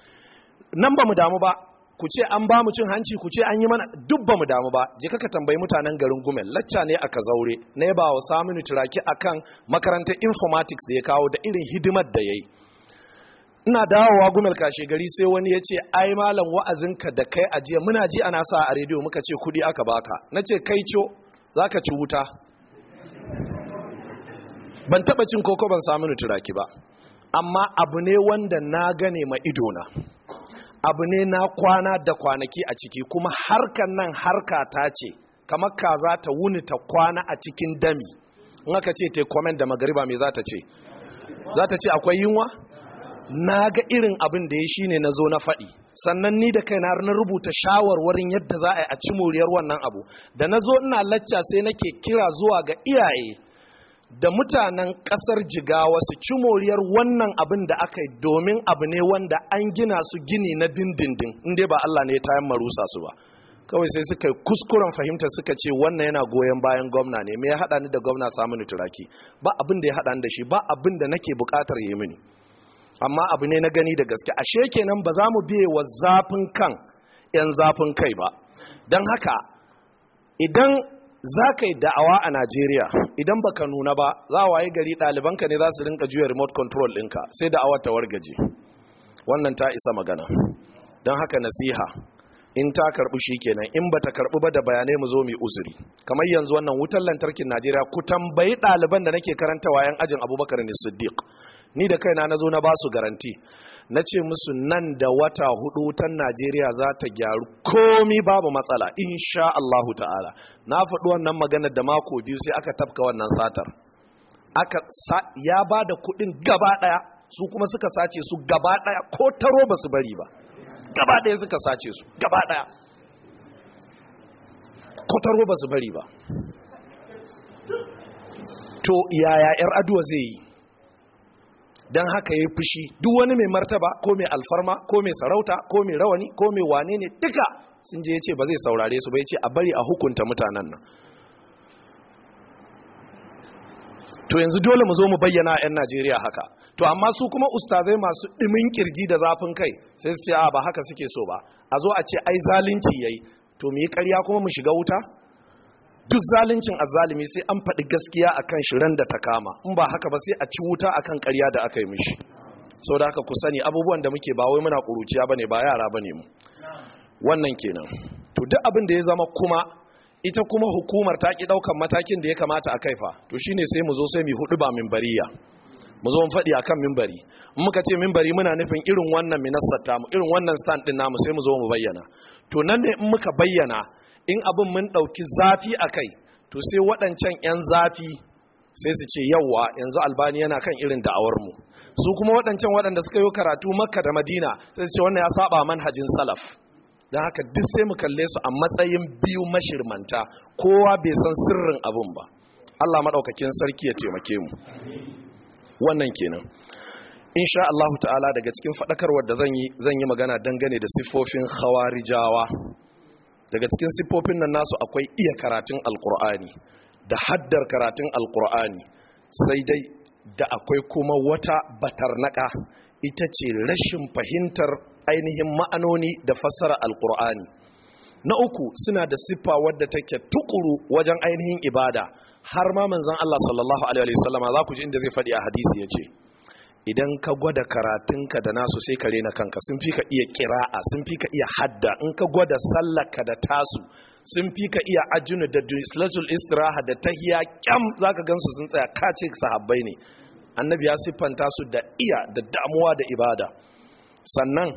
nan ba mu damu ba ku ce an ba mu cin hanci ku ce an yi mana duk ba mu damu ba je ka tambayi mutanen garin gumel lacca ne aka zaure na ya ba wa saminu turaki akan makarantar informatics da ya kawo da irin hidimar da ya yi ina dawowa gumel kashe gari sai wani ya ce ai malam wa'azinka da kai a jiya muna ji ana sa a rediyo muka ce kudi aka baka na ce kai co za ka ci wuta ban taba cin koko ban samu nuturaki ba amma abu ne wanda na gane ma idona abu ne na kwana da kwanaki a ciki kuma harkan nan harka ta ce kamar kaza ta wuni ta kwana a cikin dami in aka ce ta da magariba me za ta ce za ta ce akwai yunwa na ga irin abin da ya shi ne na zo na faɗi sannan ni da kai na rubuta shawarwarin yadda za a yi a ci moriyar wannan abu da na zo ina lacca sai nake kira zuwa ga iyaye da mutanen ƙasar jigawa su ci moriyar wannan abin da aka yi domin abu ne wanda an gina su gini na dindindin inda ba Allah ne ya tayan marusa su ba kawai sai suka yi kuskuren fahimtar suka ce wannan yana goyon bayan gwamna ne me ya haɗa ni da gwamna samun turaki ba abin da ya haɗa ni da shi ba abin da nake buƙatar yi mini amma abu ne na gani da gaske ashe kenan ba za mu biye wa zafin kan 'yan zafin kai ba don haka idan za ka yi da'awa a najeriya idan ba ka nuna ba za a waye gari ɗalibanka ne za su rinka juya remote control ɗinka sai da'awar ta wargaje wannan ta isa magana don haka nasiha in ta karɓi shi kenan in ba ta karɓi ba da bayanai mu zo mu uzuri kamar yanzu wannan wutar lantarkin najeriya ku tambayi ɗaliban da nake karanta wayan ajin abubakar ne siddiq ni da kaina na zo na basu garanti na ce musu nan da wata hudu wutan najeriya za ta gyaru komi babu matsala insha allahu ta'ala na faɗi wannan maganar da mako biyu sai aka tafka wannan satar ya ba da kuɗin gaba ɗaya su kuma suka sace su gaba ɗaya ko taro ba su bari ba gaba ɗaya suka sace su gaba ɗaya ko taro ba su bari ba to yaya 'yar aduwa zai yi don haka ya fushi duk wani mai martaba ko mai alfarma ko mai sarauta ko mai rawani ko mai wane ne duka sun je ya ce ba zai saurare su ba ya ce a bari a hukunta mutanen nan to yanzu dole mu zo mu bayyana a 'yan najeriya haka to amma su kuma ustazai masu ɗimin kirji da zafin kai sai su ce a ba haka suke so ba a zo a ce ai zalunci yayi to mu yi ƙarya kuma mu shiga wuta duk zaluncin azalimi sai an faɗi gaskiya akan shi shirin da ta kama in ba haka ba sai a ci wuta a kan ƙarya da aka yi mishi sau da haka ku sani abubuwan da muke ba wai muna ƙuruciya ba ne ba yara ba ne mu wannan kenan to duk abin da ya zama kuma ita kuma hukumar ta ƙi ɗaukan matakin da ya kamata a kaifa to shi ne sai mu zo sai mu hudu ba mimbariya mu zo mu faɗi akan mimbari in muka ce mimbari muna nufin irin wannan minassar tamu irin wannan stand din namu sai mu zo mu bayyana to nan ne in muka bayyana in abin mun ɗauki zafi a kai to sai waɗancan 'yan zafi sai su ce yauwa yanzu albani yana kan irin da'awarmu su kuma waɗancan waɗanda suka yi karatu makka da madina sai su ce wannan ya saba manhajin salaf don haka duk sai mu kalle su a matsayin biyu mashirmanta kowa bai san sirrin abin ba allah maɗaukakin sarki ya taimake mu wannan kenan insha allahu ta'ala daga cikin faɗakarwar da zan yi magana dangane da siffofin hawarijawa daga cikin siffofin nan nasu akwai iya karatun alkur'ani da haddar karatun alkur'ani sai dai da akwai kuma wata batarnaka ita ce rashin fahimtar ainihin ma'anoni da fassara alkur'ani na uku suna da siffa wadda take tukuru wajen ainihin ibada har ma manzan Allah sallallahu alaihi wasallama za ku ji inda zai faɗi a hadisi ya ce idan ka gwada karatunka da nasu sai ka rena kanka sun fi ka iya kira'a sun fi ka iya hadda in ka gwada sallaka da tasu sun fi ka iya ajinu da dislatul istiraha da tahiya kyam zaka gansu sun tsaya ka ce sahabbai ne annabi ya siffanta su da iya da damuwa da ibada sannan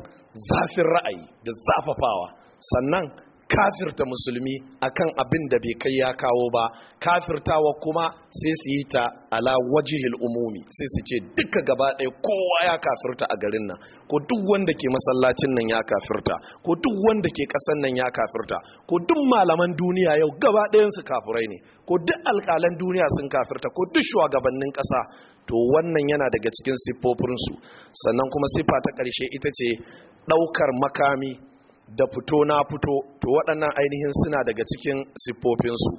zafin ra'ayi da zafafawa sannan kafirta musulmi akan abin da bai kai ya kawo ba kafirtawa kuma sai su yi ta ala wajihil umumi sai su ce duka gaba ɗaya kowa ya kafirta a garin nan ko duk wanda ke masallacin nan ya kafirta ko duk wanda ke ƙasan nan ya kafirta ko duk malaman duniya yau gaba ɗayan su kafirai ne ko duk alƙalan duniya sun kafirta ko duk shugabannin ƙasa to wannan yana daga cikin siffofinsu sannan kuma siffa ta ƙarshe ita ce ɗaukar makami da fito na fito to waɗannan ainihin suna daga cikin siffofinsu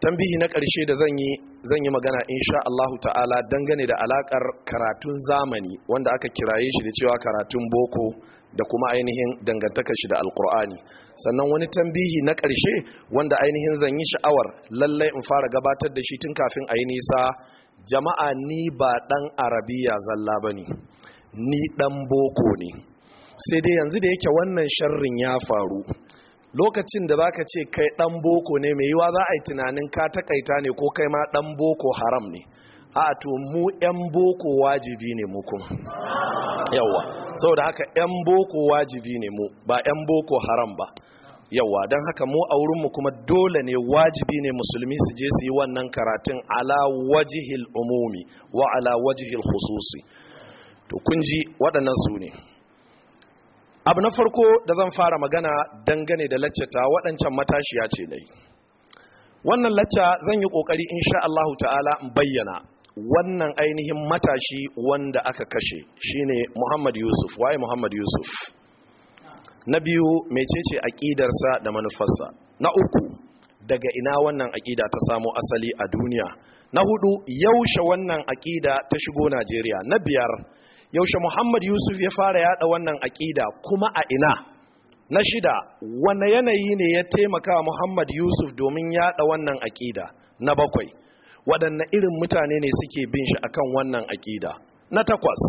tambihi na ƙarshe da zan yi zan yi magana insha Allahu ta'ala dangane da alakar karatun zamani wanda aka kiraye shi da cewa karatun boko da kuma ainihin dangantaka shi da alkur'ani sannan wani tambihi na ƙarshe wanda ainihin zan yi sha'awar lallai in fara gabatar da shi tun kafin a yi nisa jama'a ni ba ɗan arabiya zalla ba ne ni ɗan boko ne sai dai yanzu da yake wannan sharrin ya faru lokacin da zaka ce kai dan boko ne mai yiwa za a yi tunanin ka takaita ne ko kai ma dan boko haram ne a to mu yan boko wajibi ne mu kuma yawa saboda haka yan boko wajibi ne mu ba yan boko haram ba yawa don haka mu a mu kuma dole ne wajibi ne musulmi su je su yi wannan karatun ala wajihil umumi wa ala wajihil hususi to kun ji waɗannan su ne abu na farko da zan fara magana dangane da laccata waɗancan matashiya ce dai wannan lacca zan yi ƙoƙari sha Allah ta'ala in bayyana wannan ainihin matashi wanda aka kashe shine Muhammad Yusuf waye Muhammad Yusuf na biyu mecece aƙidarsa da manufarsa na uku daga ina wannan aƙida ta samo asali a duniya na hudu yaushe wannan aƙida ta shigo Najeriya na biyar yaushe muhammad yusuf ya fara yada wannan aƙida kuma a ina na shida wane yanayi ne ya taimaka muhammad yusuf domin yada wannan aƙida na bakwai waɗanne irin mutane ne suke bin shi akan wannan aƙida na takwas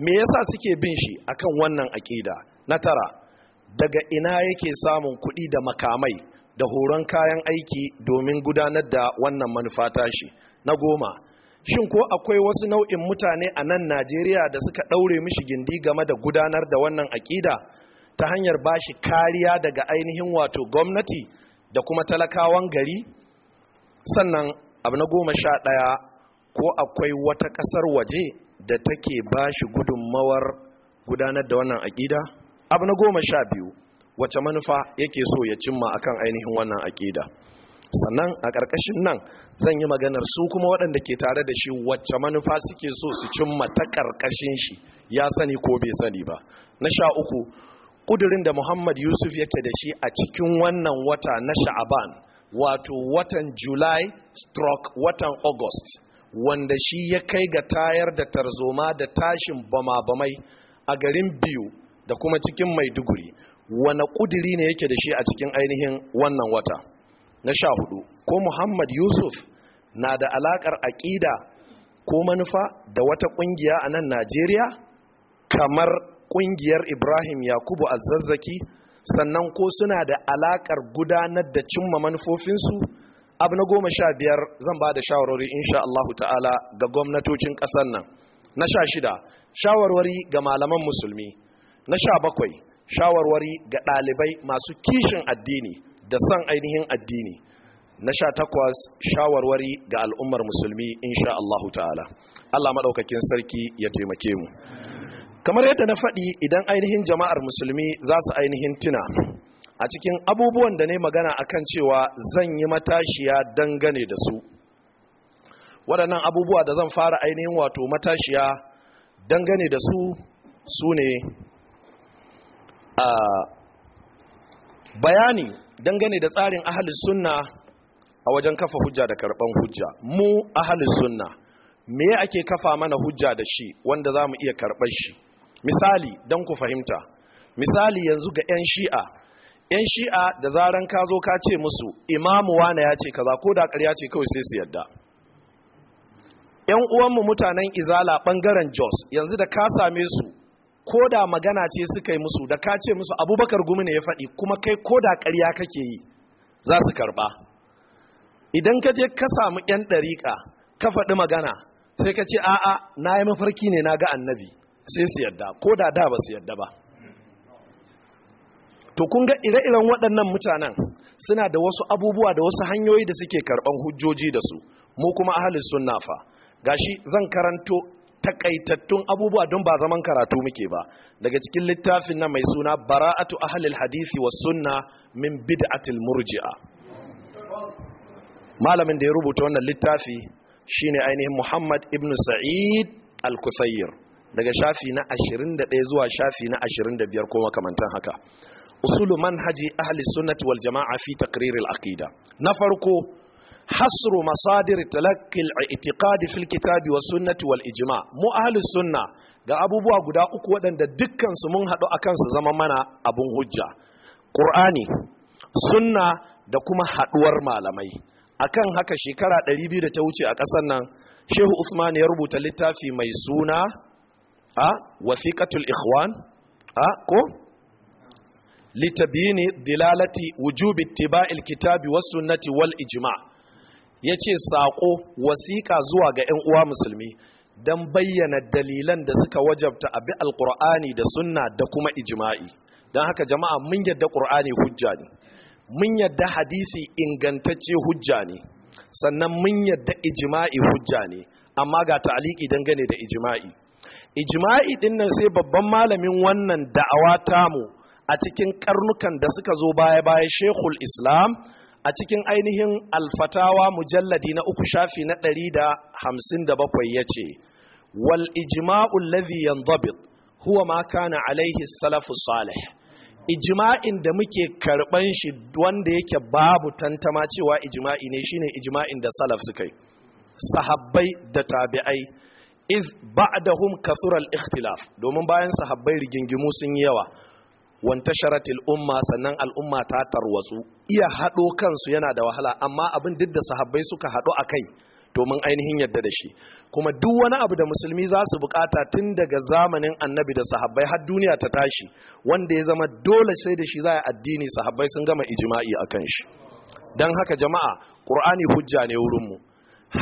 me yasa suke bin shi akan wannan aƙida na tara daga ina yake samun kuɗi da makamai da horon kayan aiki domin gudanar da wannan manufa tashi na goma shin ko akwai wasu nau'in mutane a nan najeriya da suka ɗaure mishi gindi game da gudanar da wannan aƙida ta hanyar ba shi kariya daga ainihin wato gwamnati da kuma talakawan gari sannan abu na goma sha ɗaya ko akwai wata ƙasar waje da take ba shi gudunmawar gudanar da wannan aƙida abu na goma sha biyu wace manufa yake so ya cimma akan ainihin wannan aƙida sannan a ƙarƙashin nan zan yi maganar su kuma waɗanda ke tare da shi wacce manufa suke so su cimma ta ƙarƙashin shi ya sani ko bai sani ba na sha uku ƙudurin da muhammad yusuf yake da shi a cikin wannan wata na sha'aban wato watan july stroke watan august wanda shi ya kai ga tayar da tarzoma da tashin bama-bamai a garin biyu da kuma cikin maiduguri wane ƙudiri ne yake da shi a cikin ainihin wannan wata na sha hudu ko muhammad yusuf na da alakar aƙida ko manufa da wata ƙungiya a nan najeriya kamar ƙungiyar ibrahim yakubu a zazzaki sannan ko suna da alakar gudanar da cimma manufofinsu abu na goma sha biyar zan ba da shawarwari insha Allahu ta'ala ga gwamnatocin ƙasar nan na sha shida shawarwari ga malaman musulmi na sha bakwai shawarwari ga ɗalibai masu kishin addini da san ainihin addini na sha takwas shawarwari ga al'ummar musulmi insha Allah ta'ala Allah maɗaukakin sarki ya taimake mu kamar yadda na faɗi idan ainihin jama'ar musulmi za su ainihin tuna a cikin abubuwan da ne magana akan cewa zan yi matashiya dangane da su waɗannan abubuwa da zan fara ainihin wato matashiya dangane da su su ne a bayani dangane da tsarin ahalin sunna a wajen kafa hujja da karɓan hujja mu ahalus sunna me ake kafa mana hujja da shi wanda za mu iya karɓar shi misali don ku fahimta misali yanzu ga 'yan shi'a 'yan shi'a da zaran ka zo ka ce musu imamu wane ya ce kaza ko da ƙarya ce kawai sai su yadda 'yan uwanmu mutanen izala ɓangaren jos yanzu da ka same su ko da magana ce suka yi musu da ka ce musu abubakar gumi ne ya faɗi kuma kai ko da ƙarya kake yi za su karɓa idan ka je ka samu 'yan ɗariƙa ka faɗi magana sai ka ce a'a na yi mafarki ne na ga annabi sai su yadda ko da da ba su yadda ba to kun ga ire-iren waɗannan mutanen suna da wasu abubuwa da wasu hanyoyi da suke karɓan hujjoji da su mu kuma ahalin sunna fa gashi zan karanto takaitattun abubuwa don ba zaman karatu muke ba daga cikin littafin na mai suna bara'atu ahlil hadisi was sunna min bid'atil murji'a malamin da ya rubuta wannan littafi shine ainihin Muhammad ibn Sa'id al-Kusayr daga shafi na 21 zuwa shafi na 25 ko makamantan haka usulu manhaji ahli sunnati wal jama'a fi taqrir al-aqida na farko hasru masadir talakil, itikadi, itiqad fil kitabi was sunnati wal mu sunna ga abubuwa guda uku waɗanda dukkansu mun haɗu a su zama mana abun hujja ƙur'ani sunna da kuma haɗuwar malamai akan haka shekara 200 da ta wuce a ƙasar nan shehu usman ya rubuta littafi mai suna a wasiqatul ikhwan a ko litabini dilalati wujubi ittiba'il kitabi was sunnati wal ijma' ya ce saƙo wasiƙa zuwa ga 'yan uwa musulmi don bayyana dalilan da suka wajabta abi alƙur'ani da sunna da kuma ijima'i don haka jama'a mun yadda ƙur'ani hujja ne mun yadda hadisi ingantacce hujja ne sannan mun yadda ijima'i hujja ne amma ga ta'aliki dangane da ijima'i ijima'i din nan sai babban malamin wannan da'awa tamu a cikin karnukan da suka zo baya baya shekul islam a cikin ainihin alfatawa mujalladi na uku shafi na ɗari da hamsin da bakwai ya ce wal ijma'ul ladhi yanzabit huwa maka na alaihi salafu salih ijma'in da muke karɓan shi wanda yake babu tantama cewa ijma'i ne shine ijma'in da salaf suka yi sahabbai da tabi'ai iz ba'dahum kasural ikhtilaf domin bayan sahabbai rigingimu sun yi yawa sharatil umma sannan al'umma ta tarwatsu iya haɗo kansu yana da wahala amma abin duk da sahabbai suka haɗo a kai domin ainihin yadda da shi kuma duk wani abu da musulmi za su bukata tun daga zamanin annabi da sahabbai har duniya ta tashi wanda ya zama dole sai da shi za a addini sahabbai sun gama ijima'i a kan shi don haka jama'a ƙur'ani hujja ne wurinmu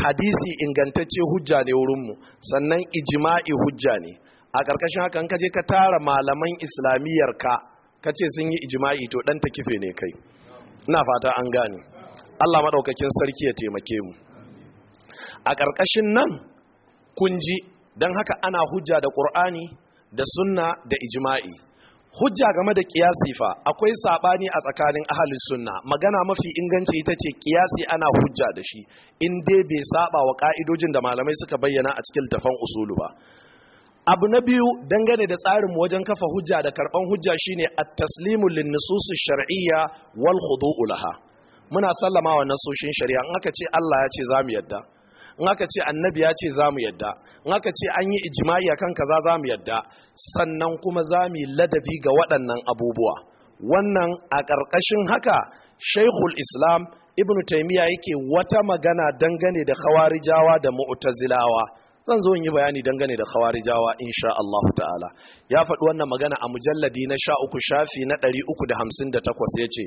hadisi ingantacce hujja ne wurinmu sannan ijima'i hujja ne a ƙarƙashin haka ka je ka tara malaman islamiyyar ka ka ce sun yi ijima'i to ɗan ta kife ne kai ina fata an gane allah maɗaukakin sarki ya taimake mu a ƙarƙashin nan kunji don haka ana hujja da ƙur'ani da sunna da ijima'i hujja game da kiyasi fa akwai saɓani a tsakanin ahalin sunna magana mafi inganci ita ce ƙiyasi ana hujja da shi in dai bai saɓa wa ka'idojin da malamai suka bayyana a cikin tafan usulu ba abu na biyu dangane da tsarin wajen kafa hujja da karban hujja shine at-taslimu lin nusus shar'iyya wal khudu'u laha muna sallama wa nasoshin shari'a in aka ce Allah ya ce za mu yadda in aka ce annabi ya ce za mu yadda in aka ce an yi ijma'i akan kaza mu yadda sannan kuma za yi ladabi ga waɗannan abubuwa wannan a ƙarƙashin haka shaikhul islam ibnu taymiya yake wata magana dangane da khawarijawa da mu'tazilawa zan zo in yi bayani dangane da khawarijawa insha Allah ta'ala ya faɗi wannan magana a mujalladi na sha uku shafi na ɗari uku da hamsin da takwas ya ce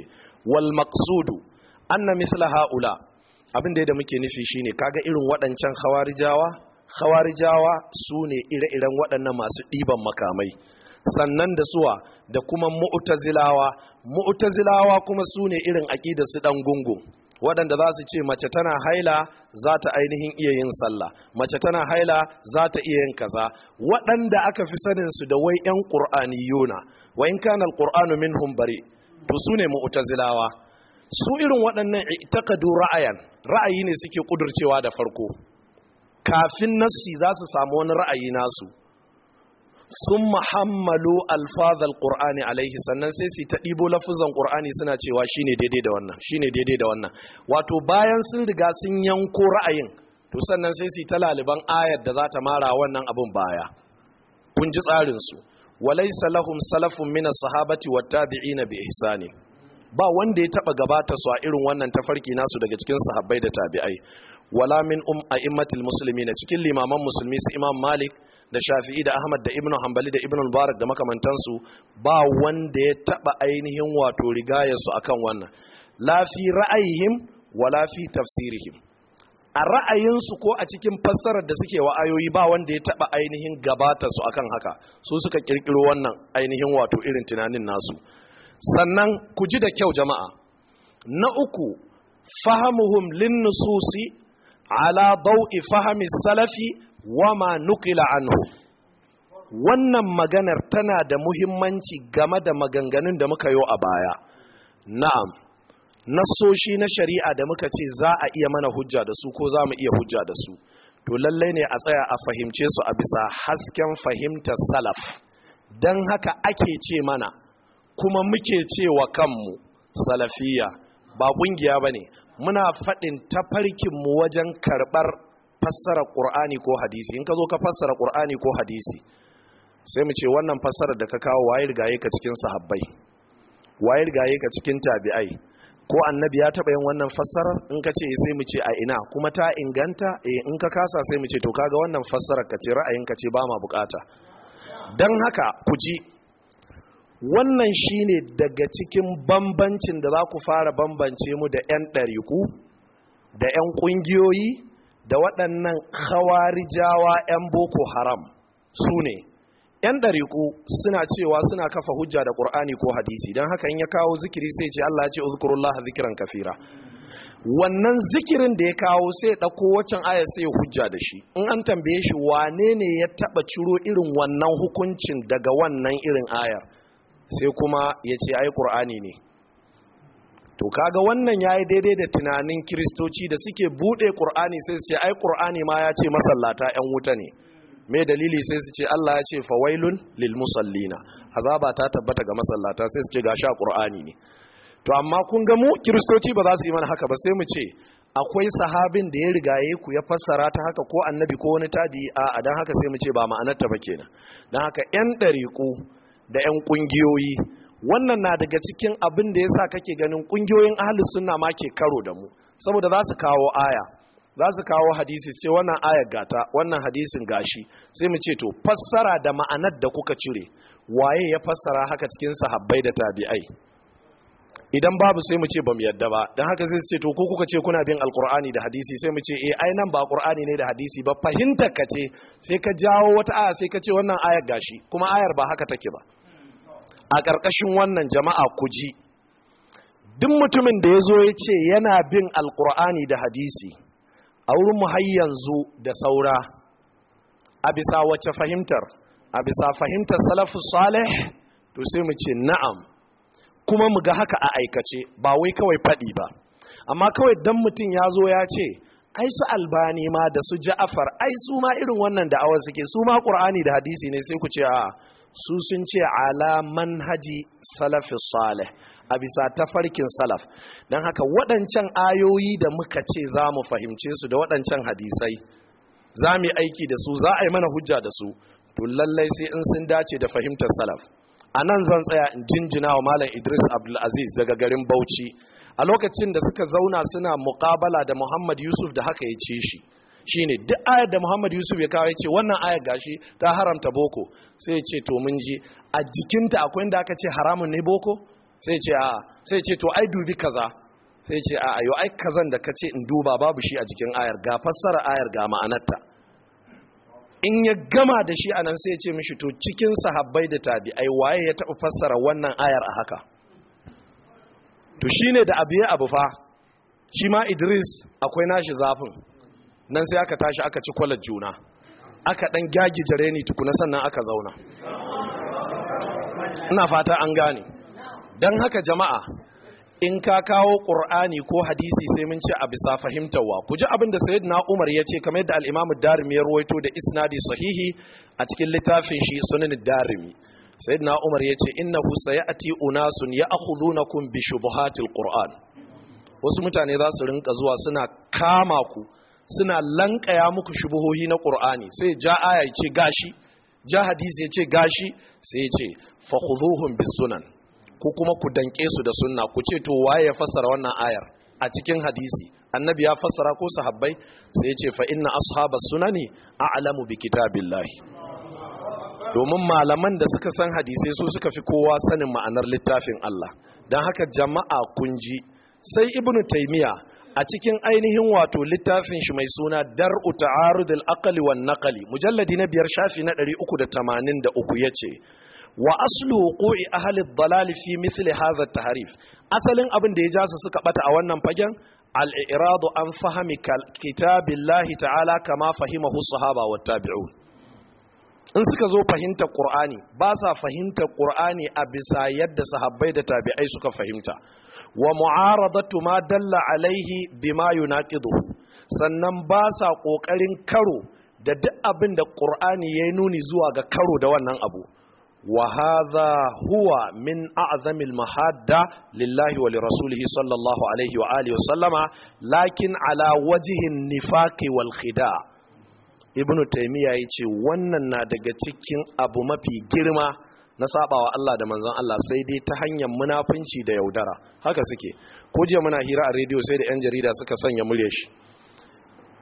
wal maksudu, an na misla ha'ula abin da muke nufi shi shine kaga irin waɗancan khawarijawa khawarijawa su ne ire-iren waɗannan masu ɗiban makamai sannan da suwa da kuma mu'tazilawa mu'tazilawa kuma su ne irin aƙidar su ɗan gungun waɗanda za su ce mace tana haila za ta ainihin iya yin sallah mace tana haila za ta iya yin kaza waɗanda aka fi sanin su da wai 'yan ƙur'aniyuna wa in kana alqur'anu minhum bari to su ne mu'tazilawa su irin waɗannan i'taqadu ra'ayan ra'ayi ne suke kudurcewa da farko kafin nassi za su samu wani ra'ayi nasu sun mahammalo alfazal qur'ani alaihi sannan sai su ta ɗibo lafuzan qur'ani suna cewa shine daidai da wannan shine daidai da wannan wato bayan sun riga sun yanko ra'ayin to sannan sai su ta laliban ayar da za ta mara wannan abin baya kun ji tsarin su walaysa lahum salafun min as-sahabati wat-tabi'ina bi ihsani ba wanda ya taba gabata su a irin wannan tafarki nasu daga cikin sahabbai da tabi'ai wala min um a'immatil muslimina cikin limaman musulmi su imam malik da shafi'i da ahmad da ibn hanbali da ibnu mubarak da makamantansu ba wanda ya taba ainihin wato rigayarsu akan wannan Lafi fi ra'ayihim wa fi tafsirihim a ra'ayinsu ko a cikin fassarar da suke wa'ayoyi ba wanda ya taba ainihin gabata akan haka su suka kirkiro wannan ainihin wato irin tunanin nasu sannan ku ji da kyau jama'a na uku fahimuhum lin nususi ala dau'i fahmi salafi wama nukila anhu wannan maganar tana da muhimmanci game da maganganun da muka yi a baya na'am nasoshi na shari'a da muka ce za a iya mana hujja da su ko za mu iya hujja da su to lallai ne a tsaya a fahimce su a bisa hasken fahimtar salaf don haka ake ce mana kuma muke ce wa kanmu salafiya ba kungiya ba ne muna faɗin tafarkinmu wajen karɓar fassara ƙur'ani ko hadisi in ka zo ka fassara Kur'ani ko hadisi sai mu ce wannan fassara da ka kawo waye rigaye ka cikin sahabbai waye rigaye ka cikin tabi'ai ko annabi ya taɓa yin wannan fassarar in ka ce eh, sai mu ce a ina kuma ta inganta eh in ka kasa sai mu ce to kaga wannan fassarar ka ce ra'ayin ka ce ba ma bukata dan haka ku ji wannan shine daga cikin bambancin da za ku fara bambance mu da 'yan ɗariku da 'yan ƙungiyoyi da waɗannan khawarijawa 'yan boko haram su ne 'yan ɗariƙu suna cewa suna kafa hujja da ƙur'ani ko hadisi don haka in ya kawo zikiri sai ce allah ya ce uzkurullah zikiran kafira wannan zikirin da ya kawo sai ɗauko waccan ayar sai hujja da shi in an tambaye shi wane ne ya taɓa ciro irin wannan hukuncin daga wannan irin ayar sai kuma ya ce ai ƙur'ani ne to kaga wannan ya yi daidai da tunanin kiristoci da suke buɗe Kur'ani, sai su ce ai ƙur'ani ma ya ce masallata yan wuta ne mai dalili sai su ce Allah ya ce fawailun lil musallina azaba ta tabbata ga masallata sai su ce ga sha qur'ani ne to amma kun ga mu kiristoci ba za su yi mana haka ba sai mu ce akwai sahabin da ya rigaye ku ya fassara ta haka ko annabi ko wani tabi'i a dan haka sai mu ce ba ma'anar ta ba kenan dan haka yan ɗariƙu da yan ƙungiyoyi. wannan na daga cikin abin da yasa kake ganin kungiyoyin ahlus sunna ma ke karo da mu saboda za su kawo aya za su kawo hadisi ce wannan aya gata wannan hadisin gashi sai mu ce to fassara da ma'anar da kuka cire waye ya fassara haka cikin sahabbai da tabi'ai idan babu sai mu ce bamu yadda ba dan haka sai su ce to ko kuka ce kuna bin alqur'ani da hadisi sai mu ce eh ai nan ba ƙur'ani ne da hadisi ba fahimta ka ce sai ka jawo wata aya sai ka ce wannan ayar gashi kuma ayar ba haka take ba a ƙarƙashin wannan jama'a ku ji duk mutumin da ya zo ya ce yana bin Alƙur'ani da hadisi a wurin mu hayyanzu da saura a bisa wacce fahimtar a bisa fahimtar salafu salih to sai mu ce na'am kuma mu ga haka a aikace ba wai kawai faɗi ba amma kawai dan mutum ya zo ya ce ai su albani ma da su ja'afar ai su ma irin wannan da'awar suke su ma qur'ani da hadisi ne sai ku ce a'a su sun ce ala manhaji salafi salih a bisa tafarkin salaf don haka waɗancan ayoyi da muka ce za mu fahimce su da waɗancan hadisai za mu yi aiki da su za a yi mana hujja da su to lallai sai in sun dace da fahimtar salaf a nan zan tsaya in jinjina wa malam idris abdulaziz daga garin bauchi a lokacin da suka zauna suna muƙabala da muhammad yusuf da haka ya ce shi Shi ne duk ayar da Muhammad Yusuf ya kawo ce wannan ayar gashi ta haramta boko sai ce to mun ji a jikinta akwai inda aka ce haramun ne boko sai ce a sai ce to ai dubi kaza sai ce a ayo ai kazan da ka ce in duba babu shi a jikin ayar ga fassara ayar ga ma'anarta in ya gama da shi anan sai ce mishi to cikin sahabbai da tabi'ai waye ya taɓa fassara wannan ayar a haka to shine da abu ya abu fa shi ma Idris akwai nashi zafin nan sai aka tashi aka ci kwalar juna aka dan gyagi jare ni tukuna sannan aka zauna ina fata an gane don haka jama'a in ka kawo ƙur'ani ko hadisi sai mun ce a bisa fahimtawa ku ji abin da na umar ya ce kamar yadda al'imamu darimi ya ruwaito da isnadi sahihi a cikin littafin shi sunan darimi na umar ya ce ya sayati unasun kun bi shubuhatil qur'an wasu mutane za su rinka zuwa suna kama ku suna lankaya muku shubuhohi na ƙur'ani sai ja aya ya ce gashi ja hadisi ya ce gashi sai ce fahuzuhun bis sunan ko kuma ku danke su da sunna ku ce to waye ya fassara wannan ayar a cikin hadisi annabi ya fassara ko sahabbai sai ya ce fa inna ne sunani a'lamu bi kitabillahi domin malaman da suka san hadisai su suka fi kowa sanin ma'anar littafin Allah don haka jama'a kunji sai ibnu taimiya a cikin ainihin wato littafin shi mai suna dar'u ta'arudul aqli wan nakali mujalladi na biyar shafi na 383 yace wa aslu wuqu'i ahli dalali fi mithli hadha ta tahrif asalin abin da ya ja su suka bata a wannan fagen al an an fahmi kitabillahi ta'ala kama fahimahu sahaba wa tabi'u. in suka zo fahimta ƙur'ani ba sa fahimta ƙur'ani a bisa yadda sahabbai da tabi'ai suka fahimta wa mu'aradatu ma dalla alaihi bima yunaqidu sannan ba sa kokarin karo da duk abin da qur'ani yi nuni zuwa ga karo da wannan abu wa hadha huwa min a'zamil mahadda lillahi wa lirasulihi sallallahu alaihi wa alihi wa sallama lakin ala wajihin nifaqi wal khida ibnu taymiya yace wannan na daga cikin abu mafi girma na sabawa Allah da manzon Allah sai dai ta hanyar munafunci da yaudara haka suke ko jiya muna hira a rediyo sai da yan jarida suka sanya murya shi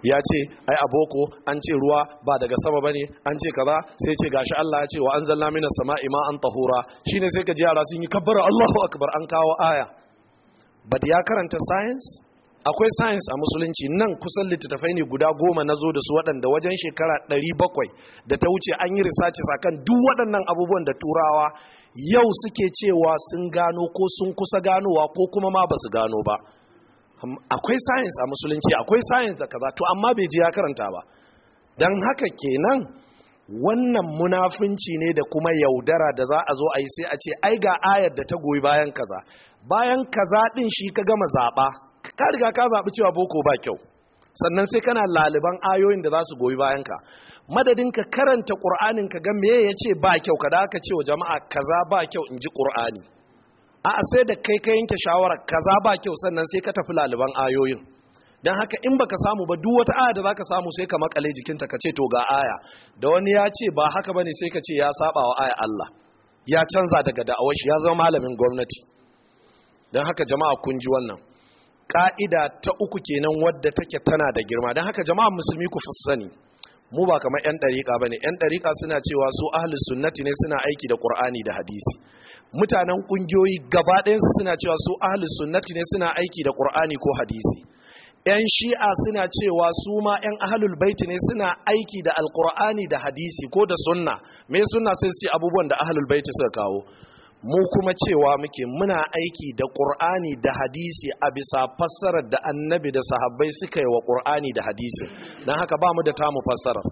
ya ce ai aboko an ce ruwa ba daga sama bane an ce kaza sai ce gashi Allah ya ce wa anzalna minas sama'i ma'an tahura shine sai ka ji yara sun yi kabbara Allahu akbar an kawo aya but ya karanta science akwai science a musulunci nan kusan littattafai ne guda goma na zo da su waɗanda wajen shekara 700 da ta wuce an yi risaci sakan duk waɗannan abubuwan da turawa yau suke cewa sun gano ko sun kusa ganowa ko kuma ma ba su gano ba akwai science a musulunci akwai science da kaza to amma bai ji ya karanta ba don haka kenan wannan munafunci ne da kuma yaudara da za a zo a yi sai a ce ai ga ayar da ta goyi bayan kaza bayan kaza din shi ka gama zaɓa ka riga ka zaɓi cewa boko ba kyau sannan sai kana laliban ayoyin da za su goyi ka. madadin ka karanta ƙur'anin ka ga meye ya ce ba kyau ka da aka ce wa jama'a kaza ba kyau in ji ƙur'ani a sai da kai ka yanke shawarar kaza ba kyau sannan sai ka tafi laliban ayoyin don haka in baka samu ba duk wata aya da ka samu sai ka makale jikinta ka ce to ga aya da wani ya ce ba haka ba ne sai ka ce ya saba wa aya Allah ya canza daga da'awashi ya zama malamin gwamnati don haka jama'a kun ji wannan ka'ida ta uku kenan wadda take tana da girma don haka jama'a musulmi ku sani mu ba kamar 'yan ɗariƙa ba ne 'yan ɗariƙa suna cewa su ahalus sunnati ne suna aiki da ƙur'ani da hadisi mutanen ƙungiyoyi gaba ɗayansu suna cewa su ahalus sunnati ne suna aiki da ƙur'ani ko hadisi 'yan shi'a suna cewa su ma 'yan ahalul baiti ne suna aiki da alƙur'ani da hadisi ko da sunna me sunna sai su abubuwan da ahalul baiti suka kawo mu kuma cewa muke muna aiki da ƙur'ani da hadisi a bisa fassarar da annabi da sahabbai suka yi wa ƙur'ani da hadisi don haka ba mu da mu fassarar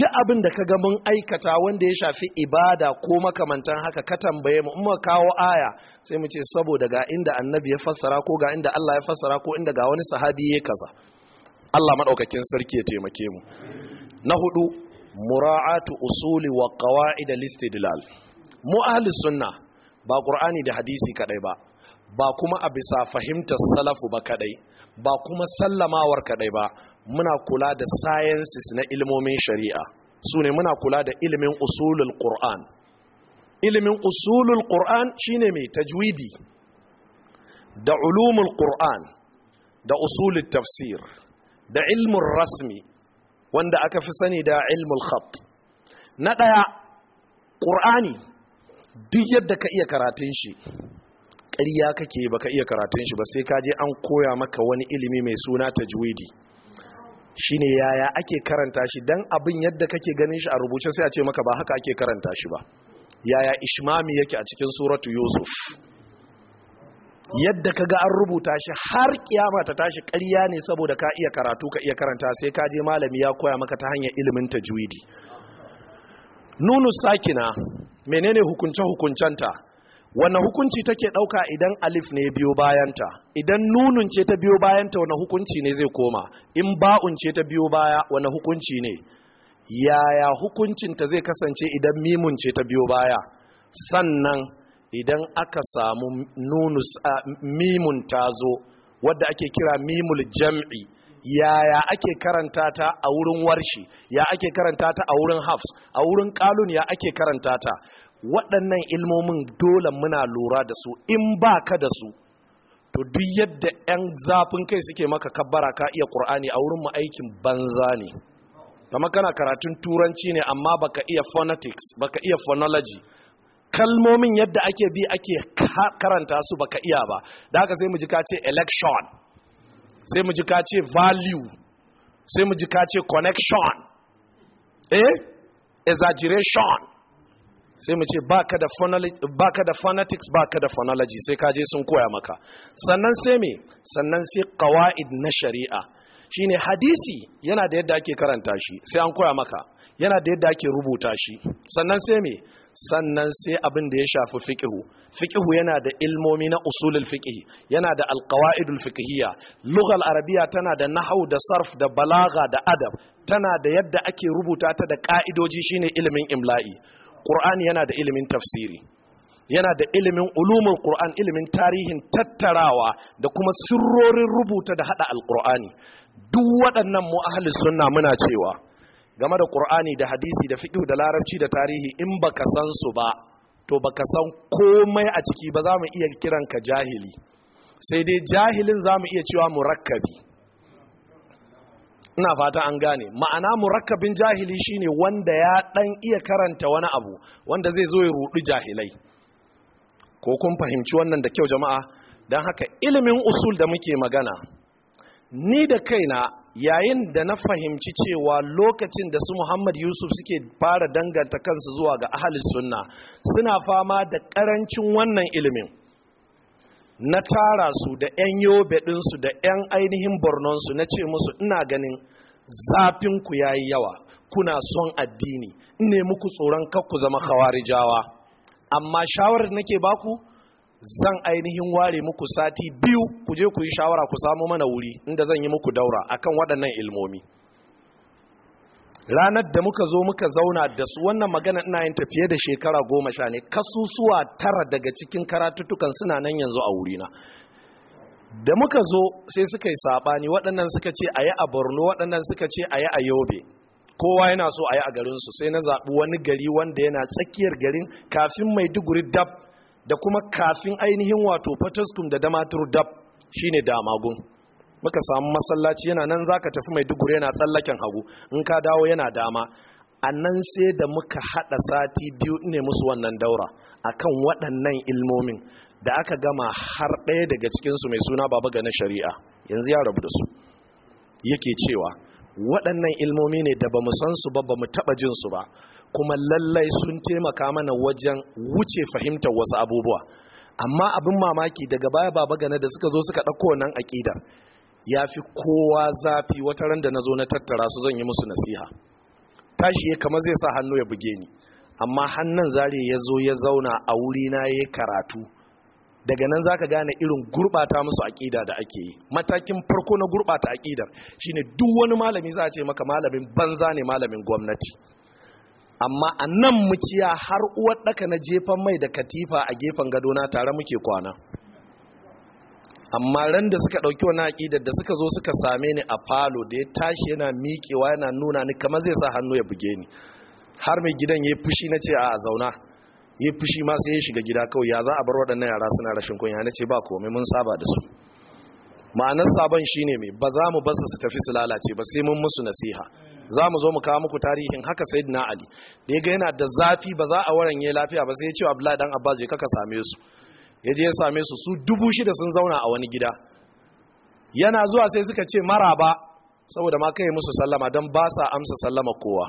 duk abin da ka ga mun aikata wanda ya shafi ibada ko makamantan haka ka tambaye mu mu kawo aya sai mu ce saboda ga inda annabi ya fassara ko ga inda Allah ya fassara ko inda ga wani sahabi ya kaza Allah madaukakin sarki ya taimake mu na hudu mura'atu usuli wa qawaid al-istidlal mu ahli sunna ba ƙur'ani da hadisi kadai ba ba kuma a bisa fahimtar salafu ba kadai ba kuma sallamawar kadai ba muna kula da sciences na ilmomin shari'a su ne muna kula da ilimin usulul ƙur'an. ilimin usulul ƙur'an shine mai tajwidi da ulumul ƙur'an da usulul tafsir da ilmin rasmi wanda aka fi sani da ilmul khat na ɗaya ƙur'ani. duk yadda ka iya karatun shi ƙarya kake baka iya karatun shi ba sai ka je an koya maka wani ilimi mai suna ta tajwidi shine yaya ake karanta shi dan abin yadda kake ganin shi a rubuce sai a ce maka ba haka ake karanta shi ba yaya ishmami yake a cikin suratu yusuf yadda ka ga an rubuta shi har kiyama ta tashi ƙarya ne saboda ka iya karatu ka iya karanta sai ka je malami ya koya maka ta hanyar ilimin tajwidi nunu sakina menene hukunce hukuncenta wanne hukunci take ɗauka idan alif ne biyo bayanta idan nunun ce ta biyo bayanta wanne hukunci ne zai koma in ba'un ce ta biyo baya wanne hukunci ne yaya hukuncinta zai kasance idan mimun ce ta biyo baya sannan idan aka samu nunus a mimun tazo wadda ake kira mimul jam'i yaya ake karanta ta a wurin warshi ya ake karanta ta a wurin hafs a wurin kalun ya ake karanta ta waɗannan ilmomin dole muna lura da su in ba ka da su to duk yadda 'yan zafin kai suke maka kabbara ka iya ƙur'ani a wurin aikin banza ne kama kana karatun turanci ne amma baka iya phonetics baka iya phonology kalmomin yadda ake bi ake karanta su baka iya ba da haka sai mu ji ka ce election sai mu ji ka ce value sai mu ji ka ce connection eh exaggeration sai mu ce ba da da fanatics ka da phonology sai ka je sun koya maka sannan sai me sannan sai kawa'id na shari'a shine hadisi yana da yadda ake karanta shi sai an koya maka yana da yadda ake rubuta shi sannan sai me sannan sai abin da ya shafi fiƙihu. Fiƙihu yana da ilmomi na usulul fiƙihi yana da alqawaidul fiqhiyya lughal arabiya tana da nahwu da sarf da balaga da adab tana da yadda ake rubuta ta da ka'idoji shine ilimin imla'i qur'ani yana da ilimin tafsiri yana da ilimin ulumul qur'an ilimin tarihin tattarawa da kuma sirrorin rubuta da hada alqur'ani duk waɗannan mu ahli sunna muna cewa game da ƙur'ani da hadisi da fiƙi da larabci da tarihi in ba ka san su ba to baka san komai a ciki ba za mu iya kiran ka jahili sai dai jahilin za mu iya cewa mu murakkabi ina fata an gane ma'ana murakkabin jahili shine wanda ya ɗan iya karanta wani abu wanda zai zo ya rudu jahilai ko kun fahimci wannan da kyau jama'a don haka ilimin usul da muke magana ni da kaina yayin da na fahimci cewa lokacin da su Muhammad Yusuf suke fara danganta kansu zuwa ga ahalis sunna suna fama da ƙarancin wannan ilimin na tara su da 'yan yobe ɗinsu da 'yan ainihin bornonsu na ce musu ina ganin zafinku ya yi yawa kuna son addini ne muku tsoron kakku zama khawarijawa amma shawarar nake baku zan ainihin ware muku sati biyu ku je ku yi shawara ku samu mana wuri inda zan yi muku daura akan waɗannan ilmomi ranar da muka zo muka zauna da su wannan magana ina yin tafiye da shekara goma sha ne kasusuwa tara daga cikin karatuttukan suna nan yanzu a wurina da muka zo sai suka yi saɓani waɗannan suka ce a yi a borno waɗannan suka ce a yi a yobe kowa yana so a yi a garinsu sai na zaɓi wani gari wanda yana tsakiyar garin kafin maiduguri dab da kuma kafin ainihin wato fataskum da damatur dab shine damagun muka samu masallaci yana nan zaka tafi mai dugure yana tsallaken hagu in ka dawo yana dama annan sai da muka hada sati biyu ne musu wannan daura akan waɗannan ilmomin da aka gama har ɗaya daga cikinsu mai suna baba na shari'a yanzu ya rabu da su yake cewa waɗannan ilmomi ne da ba mu san su ba ba mu taɓa jin su ba kuma lallai sun taimaka mana wajen wuce fahimtar wasu abubuwa amma abin mamaki daga baya baba gane da suka zo suka ɗauko nan aƙidar ya fi kowa zafi wata ran da na zo na tattara su zan yi musu nasiha tashi ya kama zai sa hannu ya buge ni amma hannun zari ya zo ya zauna a wuri na ya karatu daga nan zaka gane irin gurbata musu aƙida da ake yi matakin farko na gurbata aƙidar shine duk wani malami za a ce maka malamin banza ne malamin gwamnati amma a nan muciya har uwar ɗaka na jefan mai da katifa a gefen gadona tare muke kwana amma ran da suka ɗauki wani aƙidar da suka zo suka same ni a falo da ya tashi yana miƙewa yana nuna ni kamar zai sa hannu ya buge ni har mai gidan ya fushi na ce a zauna ya fushi ma sai ya shiga gida kawai ya za a bar waɗannan yara suna rashin kunya na ce ba komai mun saba da su ma'anar sabon shine mai ba za mu basu su tafi su lalace ba sai mun musu nasiha za mu zo mu kawo muku tarihin haka Sayidina ali da ya ga yana da zafi ba za a waranye lafiya ba sai ya ce abdullahi dan abbas ya kaka same su ya je ya same su su dubu shida sun zauna a wani gida yana zuwa sai suka ce mara ba saboda ma kai musu sallama dan ba sa amsa sallama kowa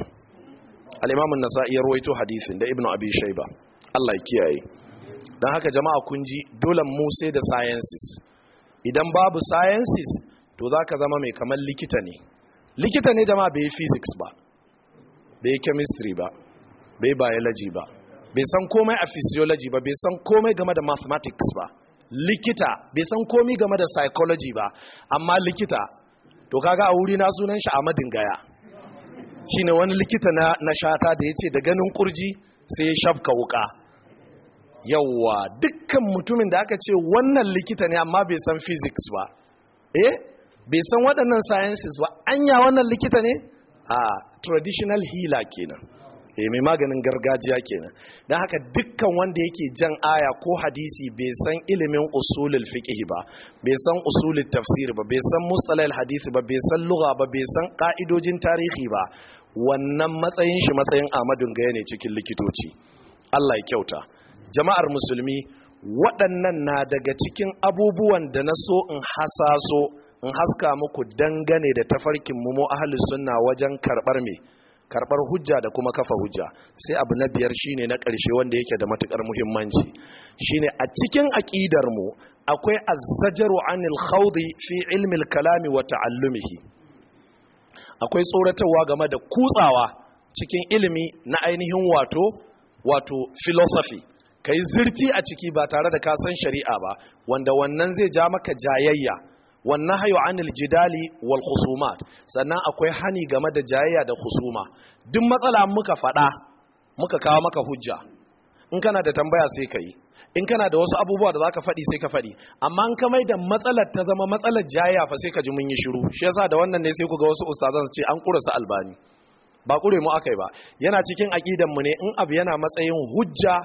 al imamu nasai ya rawaito hadisin da ibnu abi shayba Allah ya kiyaye dan haka jama'a kun ji dole mu sai da sciences idan babu sciences to zaka zama mai kamar likita ne likita ne jama'a bai physics ba bai yi chemistry ba bai biology ba bai san komai a physiology ba bai san komai game da mathematics ba likita bai san komai game da psychology ba amma likita to kaga a wuri na sunan shi a madin gaya shine wani likita na, na shata da ya ce da ganin kurji sai ya shafka wuka yawwa dukkan mutumin da aka ce wannan likita ne amma bai san physics ba eh bai san waɗannan sciences ba anya wannan likita ne a traditional healer kenan e mai maganin gargajiya kenan don haka dukkan wanda yake jan aya ko hadisi bai san ilimin usulul fiqh ba bai san usulul tafsir ba bai san mustalahil hadisi ba bai san lugha ba bai san ka'idojin tarihi ba wannan matsayin shi matsayin amadun gaya ne cikin likitoci Allah ya kyauta jama'ar musulmi waɗannan na daga cikin abubuwan da na so in hasaso in haska muku dangane da tafarkin mu mu ahli sunna wajen karbar me karbar hujja da kuma kafa hujja sai abu na biyar shine na karshe wanda yake da matukar muhimmanci shine a cikin aqidar mu akwai azzajaru anil khawdi fi ilmi kalami wa ta'allumihi akwai tsoratarwa game da kutsawa cikin ilimi na ainihin wato wato philosophy kai zurfi a ciki ba tare da ka san shari'a ba wanda wannan zai ja maka jayayya wannan hayo anil jidali wal khusumat sannan akwai hani game da jayayya da khusuma duk matsala muka fada, muka kawo maka hujja in kana da tambaya sai ka in kana da wasu abubuwa da zaka ka faɗi sai ka fadi, amma in ka mai da matsalar ta zama matsalar jayayya fa sai ka ji mun yi shiru shi yasa da wannan ne sai ku ga wasu ustazan su ce an kura su albani ba kure mu akai ba yana cikin aqidan mu ne in abu yana matsayin hujja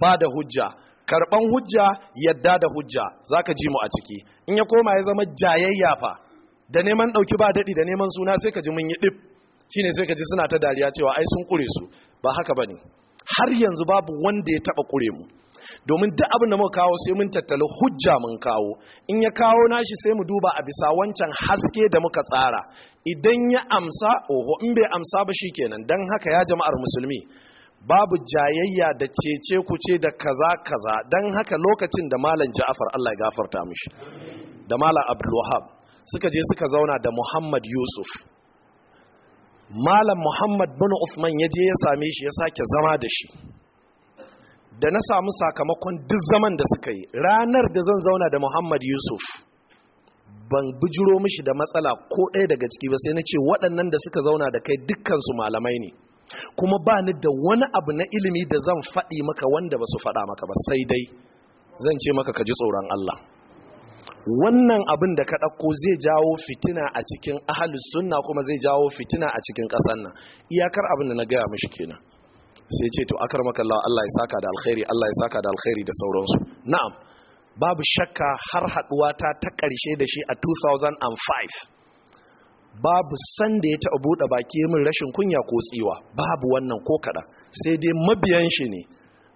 ba da hujja karban hujja yadda da hujja zaka ji mu a ciki in ya koma ya zama jayayya fa da neman dauki ba dadi da neman suna sai ka ji mun yi dip shine sai ka ji suna ta dariya cewa ai sun kure su ba haka bane har yanzu babu wanda ya taba kure mu domin duk abin da muka kawo sai mun tattali hujja mun kawo in ya kawo nashi sai mu duba a bisa wancan haske da muka tsara idan ya amsa oho in bai amsa ba shikenan dan haka ya jama'ar musulmi babu jayayya da cece kuce da kaza kaza don haka lokacin da malam ja'afar Allah ya gafarta mishi da malam abdulwahab suka je suka zauna da muhammad yusuf malam muhammad bin usman ya je ya same shi ya sake zama da shi da na samu sakamakon duk zaman da suka yi ranar da zan zauna da muhammad yusuf ban bijiro mishi da matsala ko ɗaya daga ciki ba sai na ce waɗannan da suka zauna da kai dukkansu malamai ne kuma ba ni da wani abu na ilimi da zan faɗi maka wanda ba su faɗa maka ba sai dai zan ce maka ka ji tsoron Allah wannan abin da ka ɗauko zai jawo fitina a cikin ahalus sunna kuma zai jawo fitina a cikin ƙasar nan iyakar abin da na gaya mashi kenan sai ce to akar makalla Allah ya saka da alkhairi Allah ya saka da alkhairi da sauransu na'am babu shakka har haɗuwa ta ta ƙarshe da shi a 2005 babu san da ya taɓa buɗe baki min rashin kunya ko tsiwa babu wannan ko kaɗan sai dai mabiyan shi ne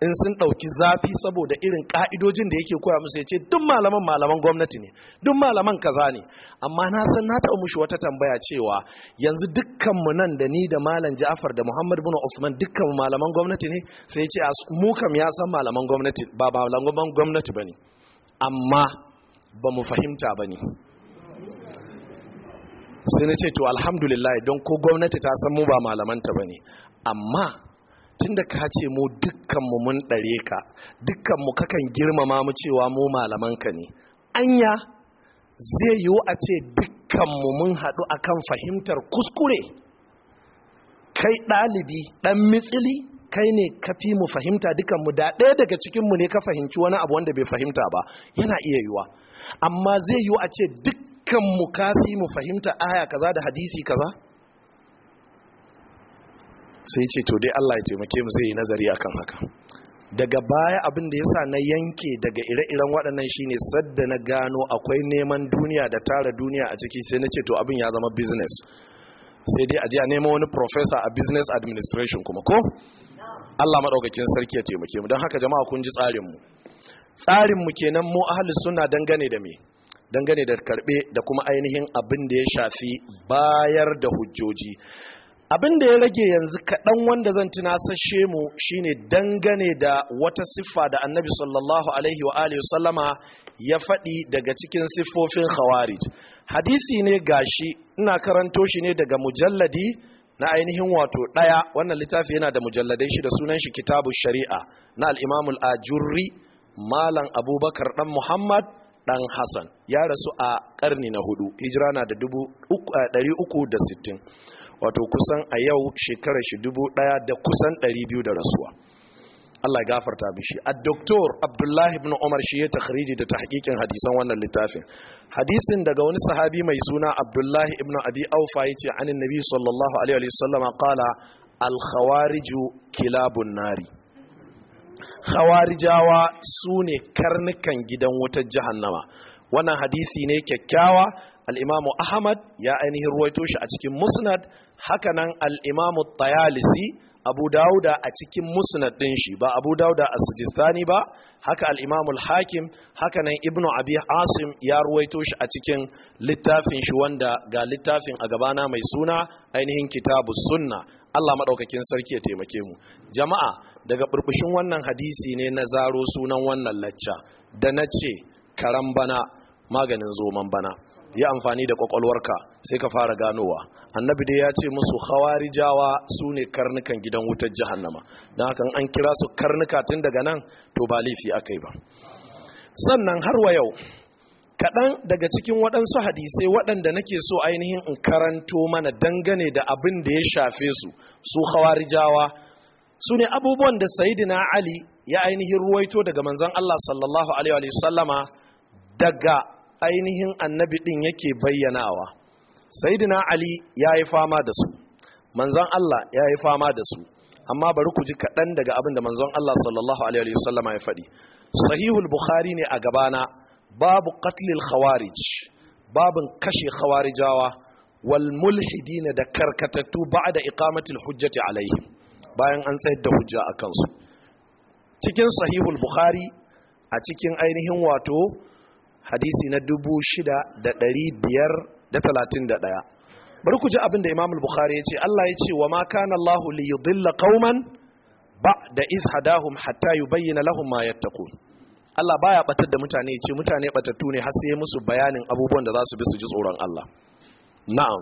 in sun ɗauki zafi saboda irin ƙa'idojin da yake koya musu ya ce duk malaman malaman gwamnati ne duk malaman kaza ne amma na san na taɓa mushi wata tambaya cewa yanzu dukkanmu nan da ni da malam ja'far da muhammad bin usman dukkanmu malaman gwamnati ne sai ya ce mu kam ya san malaman gwamnati ba malaman gwamnati ba ne amma ba mu fahimta ba ne sai na ce to alhamdulillah don ko gwamnati ta san mu ba malamanta ba ne amma tun da ka ce mu dukkanmu mun ɗare ka dukkanmu kakan girmama mu cewa mu malamanka ne anya zai yiwu a ce mu mun haɗu akan fahimtar kuskure kai ɗalibi ɗan mitsili kai ne ka fi mu fahimta dukanmu da ɗaya daga cikinmu ne ka fahimci wani abu wanda bai fahimta ba yana iya yiwa amma zai yiwu a ce duk dukkan mu kafi mu fahimta aya kaza da hadisi kaza sai ce to dai Allah ya taimake mu zai yi nazari akan haka daga baya abin da yasa na yanke daga ire-iren waɗannan shine sadda na gano akwai neman duniya da tara duniya a ciki sai na ce to abin ya zama business sai dai aje a nemo wani professor a business administration kuma ko Allah madaukakin sarki ya taimake mu don haka jama'a kun ji tsarin mu tsarin mu. kenan mu ahlus suna dangane da me dangane da karbe da kuma ainihin abin da ya shafi bayar da hujjoji abin da ya rage yanzu kaɗan wanda zan tunasashe mu shine dangane da wata siffa da annabi sallallahu alaihi wa alihi sallama ya faɗi daga cikin siffofin khawarij hadisi ne gashi ina karanto shi ne daga mujalladi na ainihin wato ɗaya wannan littafi yana da mujalladai shi da sunan shi kitabu shari'a na al-imamul ajurri malam abubakar dan muhammad dan hassan ya rasu a karni na hudu hijira na da 360 wato kusan a yau shekarar shi dubu daya da kusan 200 da rasuwa Allah ya gafarta mishi a doktor abdullahi ibn umar shi ya takhriji da tahqiqin hadisan wannan littafin hadisin daga wani sahabi mai suna abdullahi ibn abi aufa yace anin nabi sallallahu alaihi wa qala al khawariju kilabun nari khawarijawa su ne karnukan gidan wutar jahannama wannan hadisi ne kyakkyawa al'imamu ahmad ya ainihin ruwaito shi a cikin musnad hakanan al'imamu tayalisi abu dauda a cikin musnad ɗin shi ba abu dauda a sijistani ba haka al'imamul hakim hakanan ibnu abi asim ya ruwaito shi a cikin littafin shi wanda ga littafin a gabana mai suna ainihin kitabu sunna Allah maɗaukakin sarki ya taimake mu jama'a daga burbushin wannan hadisi ne na zaro sunan wannan lacca da na ce karan bana maganin zoman bana yi amfani da kwakwalwarka sai ka fara ganowa annabi dai ya ce musu Jawa su ne karnukan gidan wutar jahannama don haka an kira su karnuka tun daga nan to ba laifi aka yi ba sannan har wa yau kaɗan daga cikin waɗansu hadisai waɗanda nake so ainihin in karanto mana dangane da abin da ya shafe su su hawarijawa su ne abubuwan da sayidina ali ya ainihin ruwaito daga manzon allah sallallahu alaihi wa sallama daga ainihin annabi ɗin yake bayyanawa sayidina ali ya yi fama da su manzon allah ya yi fama da su amma bari ku ji kaɗan daga abin da manzon allah sallallahu alaihi wa sallama ya faɗi sahihul bukhari ne a gabana babu qatlil khawarij babin kashe khawarijawa walmulhidina da karkatattu ba'da iqamatil hujjati alaihim bayan an tsayar da hujja a kansu cikin sahihul bukhari a cikin ainihin wato hadisi na 6531 bari da ji abin da imamul bukhari ya ce Allah ya ce wa ma kanallahu Allah li yudilla qauman ba'da iz hadahum hatta bayyana lahum ma yattaqun Allah baya batar da mutane ce mutane batattu ne har sai musu bayanin abubuwan da za su bi su ji tsoron Allah na'am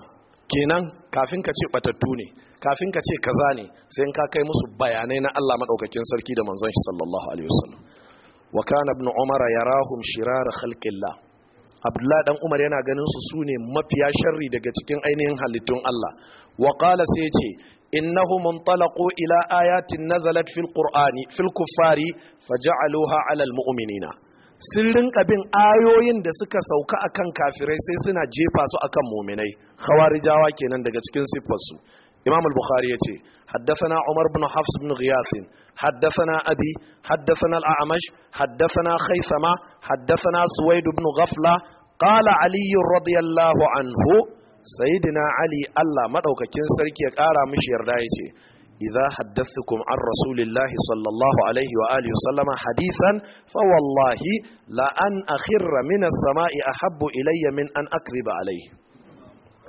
kenan kafin ka ce batattu ne kafin ka ce kaza ne sai in ka kai musu bayanai na Allah madaukakin sarki da manzon shi sallallahu alaihi wasallam wa kana ibn Umar yarahum shirar khalqillah abdullahi dan umar yana ganin su sune mafiya sharri daga cikin ainihin halittun Allah wa qala sai ce innahu muntalaqu ila ayatin nazalat fil qur'ani fil kuffari faj'aluha 'ala al mu'minina sun rinka bin ayoyin da suka sauka akan kafirai sai suna jefa su akan mu'minai khawarijawa kenan daga cikin siffarsu إمام البخاري يتي حدثنا عمر بن حفص بن غياث حدثنا أبي حدثنا الأعمش حدثنا خيثمة حدثنا سويد بن غفلة قال علي رضي الله عنه Sayidina ali Allah maɗaukakin sarki ya kara mishi yarda yace Iza haddathukum an rasulillahi sallallahu alaihi wa alihi sallama hadisan fa wallahi la an akhirra min as-sama'i ahabbu ilayya min an akriba alaihi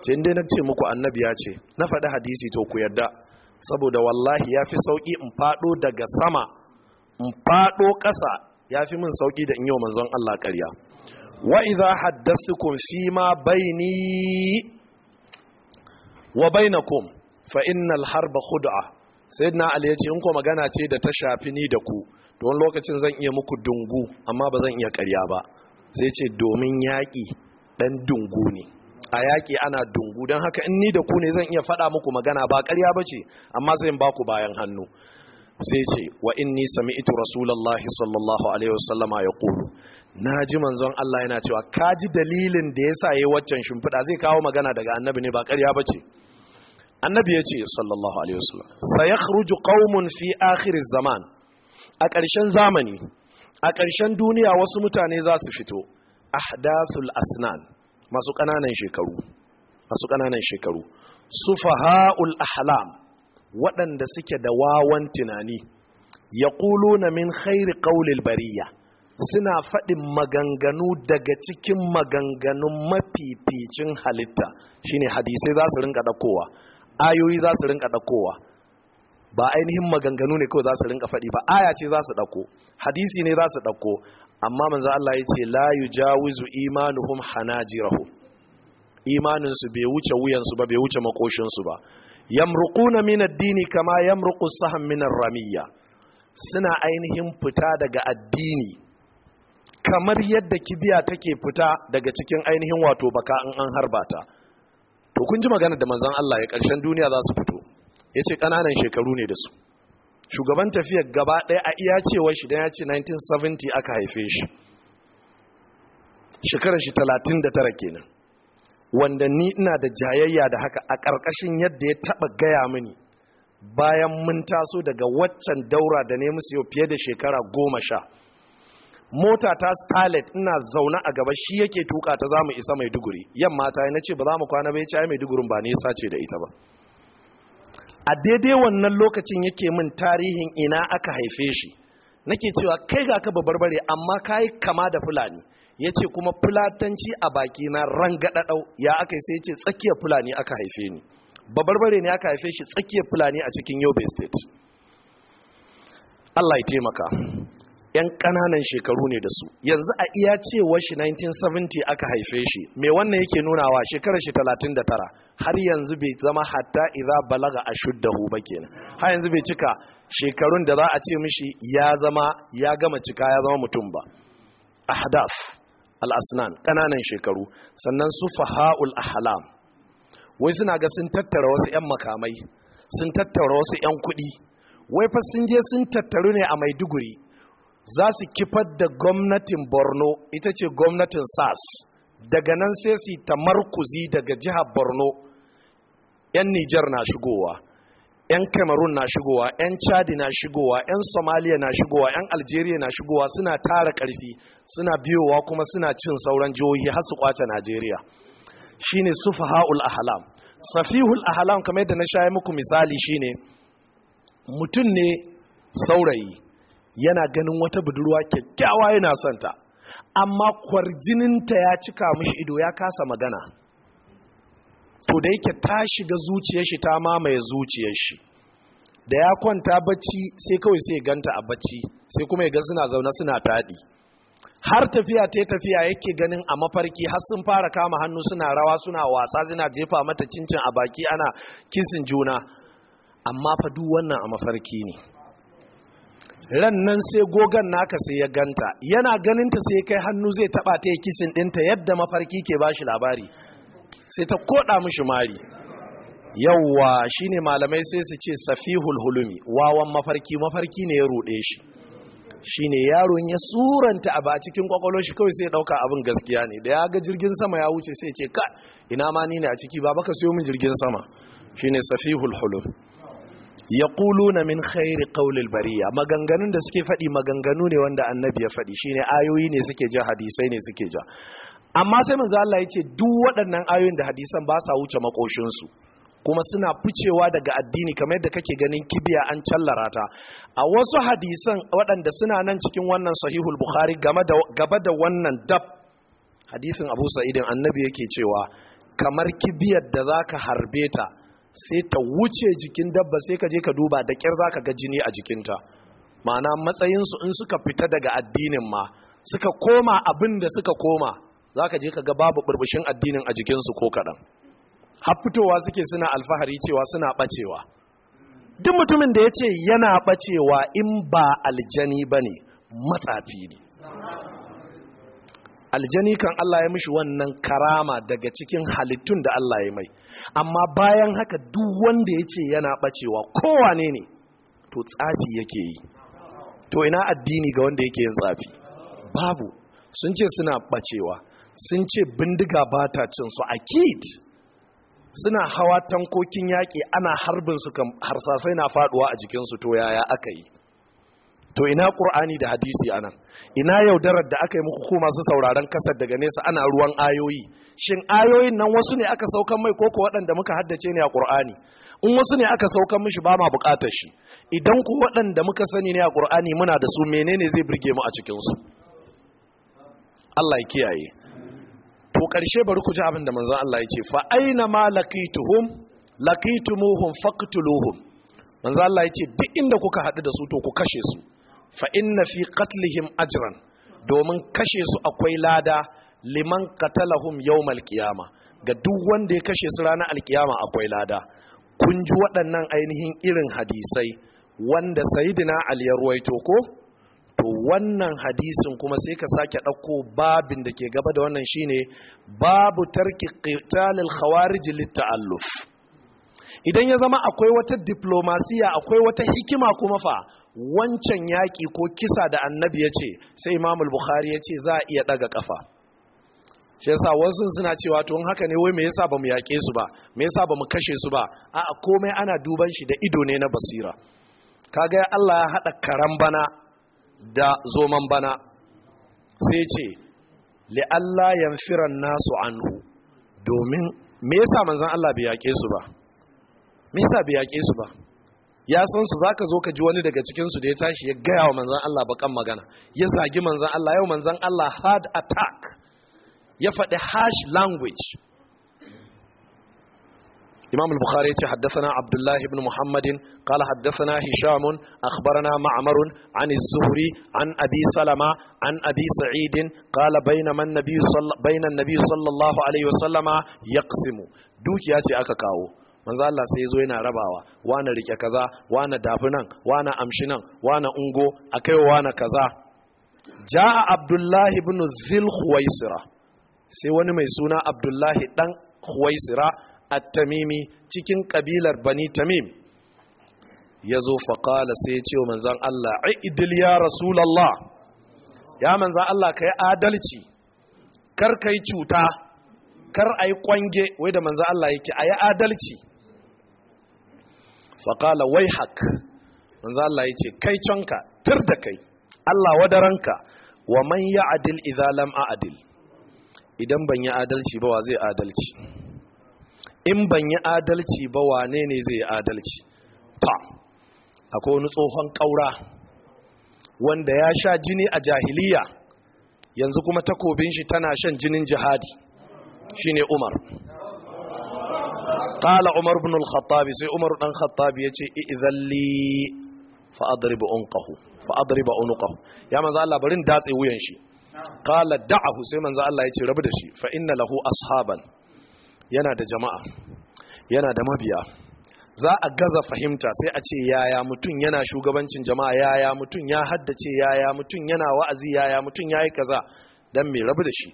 tin dai na ce muku annabi ya ce na faɗi hadisi to ku yarda saboda wallahi ya fi sauƙi in faɗo daga sama in faɗo ƙasa ya fi min sauƙi da in yi wa manzon Allah ƙarya wa idza haddathukum fi ma baini wa bainakum fa innal harba khud'a sayyidina ali yace in ko magana ce da ta shafi ni da ku to wani lokacin zan iya muku dungu amma ba zan iya ƙarya ba sai ce domin yaƙi dan dungu ne a yaƙi ana dungu don haka in ni da ku ne zan iya faɗa muku magana ba ƙarya ba ce amma zan ba ku bayan hannu sai ce wa inni sami'tu rasulullahi sallallahu alaihi wasallama ya na ji manzon Allah yana cewa ka ji dalilin da yasa yayi waccan shimfiɗa zai kawo magana daga annabi ne ba ƙarya ba ce annabi ya ce sallallahu alaihi wasallam sayakhruju qaumun fi akhir zaman a ƙarshen zamani a ƙarshen duniya wasu mutane za su fito ahdathul asnan masu ƙananan shekaru masu ƙananan shekaru sufaha'ul ahlam waɗanda suke da wawan tunani yaquluna min khairi qawlil bariya suna faɗin maganganu daga cikin maganganun mafificin halitta shine hadisai za su rinka ɗaukowa ayoyi za su rinka ɗakowa ba ainihin maganganu ne kawai za su rinka faɗi ba aya ce za su ɗako hadisi ne za su ɗauko amma manzo Allah ya ce la yujawizu imanuhum hanajirahum imanin su bai wuce wuyansu su ba bai wuce makoshinsu ba yamruquna min ad-dini kama yamruqu as min ramiyya suna ainihin fita daga addini kamar yadda kibiya take fita daga cikin ainihin wato baka in an harbata to kun ji magana da manzon Allah ya ƙarshen duniya za su fito ya ce ƙananan shekaru ne da su shugaban tafiyar gaba ɗaya a iya cewa shi don ya ce 1970 aka haife shi shekarar shi 39 kenan wanda ni ina da jayayya da haka a ƙarƙashin yadda ya taɓa gaya mini bayan mun taso daga waccan daura da ne musu yau fiye da shekara goma sha mota ta scarlet ina zaune a gaba shi yake tuka ta zamu isa maiduguri yamma ta yi na ce ba za mu kwana bai ce mai dugurin ba nisa ce da ita ba a daidai wannan lokacin yake min tarihin ina aka haife shi nake cewa kai ga ka babarbare amma kai kama da fulani ya ce kuma fulatanci a baki na dau ya aka sai ce tsakiyar fulani aka haife ni babarbare ne aka haife shi tsakiyar fulani a cikin yobe state Allah ya taimaka 'yan ƙananan shekaru ne da su yanzu a iya cewa shi 1970 aka haife shi me wannan yake wa shekarar shi 39 har yanzu bai zama hatta idza balaga a ashuddahu ba kenan har yanzu bai cika shekarun da za a ce mishi ya zama ya gama cika ya zama mutum ba ahdaf al-asnan kananan shekaru sannan su fahaul ahlam wai suna ga sun tattara wasu 'yan makamai sun tattara wasu 'yan kuɗi wai fa sun je sun tattaru ne a maiduguri za su kifar da gwamnatin borno ita ce gwamnatin sas daga nan sai su ta markuzi daga jihar borno 'yan nijar na shigowa 'yan cameroon na shigowa 'yan chadi na shigowa 'yan somalia na shigowa 'yan algeria na shigowa suna tara karfi suna biyowa kuma suna cin sauran jihohi har su kwace najeriya shine sufaha'ul ahlam safihul ahlam kamar yadda na shaye muku misali shine mutum ne saurayi yana ganin wata budurwa kyakkyawa yana santa amma kwarjininta ya cika mishi ido ya kasa magana to da yake ta shiga zuciyar shi ta mamaye zuciyar shi da ya kwanta bacci sai kawai sai ganta a bacci sai kuma ya ga suna zaune suna taɗi har tafiya ta tafiya yake ganin a mafarki har sun fara kama hannu suna rawa suna wasa suna jefa mata cincin a baki ana kisin juna amma fa duk wannan a mafarki ne ran nan sai gogan naka sai ya ganta yana ganinta sai kai hannu zai taba ta kishin dinta yadda mafarki ke bashi labari sai ta koda mishi mari yawwa shine malamai sai su ce safihul hulumi wawan mafarki mafarki ne ya rude shi shine yaron ya suranta a ba cikin kwakwalwar shi kawai sai dauka abin gaskiya ne da ya ga jirgin sama ya wuce sai ce ka ina ma ni ne a ciki ba baka siyo min jirgin sama shine safihul hulumi yaquluna min khairi qawlil bariya maganganun da suke faɗi maganganu ne wanda annabi ya faɗi shine ayoyi ne suke ja hadisai ne suke ja amma sai manzo Allah ya ce duk waɗannan ayoyin da hadisan ba sa wuce makoshinsu kuma suna ficewa daga addini kamar yadda kake ganin kibiya an callara ta a wasu hadisan waɗanda suna nan cikin wannan sahihul bukhari gaba da wannan dab hadisin abu sa'idin annabi yake cewa kamar kibiyar da zaka harbe ta sai ta wuce jikin dabba sai ka je ka duba da kyar za ka ga jini a jikinta ma'ana matsayinsu in suka fita daga addinin ma suka koma abin da suka koma za ka je ka ga babu burbushin addinin a jikinsu ko kaɗan har fitowa suke suna alfahari cewa suna ɓacewa duk mutumin da ya ce yana ɓacewa in ba aljani ba ne matsafi ne aljani kan Allah ya mishi wannan karama daga cikin halittun da Allah ya mai amma bayan haka duk wanda ya ce yana bacewa kowane ne to tsafi yake yi to ina addini ga wanda yake yin tsafi babu sun ce suna bacewa sun ce bindiga ba ta cin su kid, suna hawa tankokin yaƙi ana harbin su kan harsasai na faduwa a jikinsu to yaya aka yi to ina qur'ani da hadisi anan ina yaudarar da aka yi muku ko masu sauraron kasar daga nesa ana ruwan ayoyi shin ayoyin nan wasu ne aka saukan mai koko waɗanda muka haddace ne a qur'ani in wasu ne aka saukan mishi ba ma buƙatar shi idan ku waɗanda muka sani ne a qur'ani muna da su menene zai burge mu a cikin su Allah ya kiyaye to ƙarshe bari ku ji abin da manzon Allah ya ce fa aina ma laqituhum laqitumuhum faqtuluhum manzon Allah ya ce duk inda kuka haɗu da su to ku kashe su fa inna fi qatlihim ajran domin kashe su akwai lada liman qatalahum yau qiyama ga duk wanda ya kashe su ranar alkiyama akwai lada kun ji waɗannan ainihin irin hadisai wanda sayidina ali ya ruwaito ko to wannan hadisin kuma sai ka sake ɗauko babin da ke gaba da wannan shine babu tarki qitalil khawarij litta'alluf idan ya zama akwai wata diplomasiya akwai wata hikima kuma fa wancan yaƙi ko kisa da annabi ya ce sai imamul bukhari ya ce za a iya ɗaga ƙafa shi yasa wasu suna cewa to in haka ne wai me yasa bamu yaƙe su ba me yasa bamu kashe su ba a komai ana duban shi da ido ne na basira kaga Allah ya haɗa karan bana da zoman bana sai ce li Allah yanfira nasu anhu domin me yasa manzon Allah bai yaƙe su ba me yasa bai yaƙe su ba ya san su zaka zo ka ji wani daga cikin su da ya tashi ya gaya wa manzon Allah bakan magana ya zagi manzan Allah yau manzan Allah hard attack ya faɗi harsh language Imam al-Bukhari ya ce haddathana Abdullah ibn Muhammadin qala haddathana Hisham akhbarana Ma'mar an az-Zuhri an Abi an Abi Sa'id qala baina man nabiy sallallahu alayhi wa sallama yaqsimu duk ce aka kawo manzo Allah sai yazo yana rabawa wani rike kaza wani dafi nan wani amshi nan wani ungo akai wani kaza ja'a abdullahi ibn zil khuwaisira sai wani mai suna abdullahi dan khuwaisira at-tamimi cikin kabilar bani tamim yazo fa qala sai ya ce wa manzon Allah idil ya rasulullah ya manzon Allah kai adalci kar kai cuta kar ai kwange wai da manzon Allah yake ayi adalci faƙala wai hak manzo Allah ya ce kai canka tur da kai Allah wadaranka wa man ya adil izalam a adil idan ban yi adalci ba wa zai adalci in ban yi adalci ba wane ne zai yi adalci ta akwai wani tsohon ƙaura wanda ya sha jini a jahiliya yanzu kuma takobin shi tana shan jinin jihadi shine umar qala umar ibn al-khattab sai umar dan khattab yace idhalli fa adrib unqahu fa adrib unqahu ya manzo Allah bari in datse wuyan shi qala da'ahu sai manzo Allah yace rabu da shi fa inna lahu ashaban yana da jama'a yana da mabiya za a gaza fahimta sai a ce yaya mutum yana shugabancin jama'a yaya mutum ya haddace yaya mutum yana wa'azi yaya mutum yayi kaza dan me rabu da shi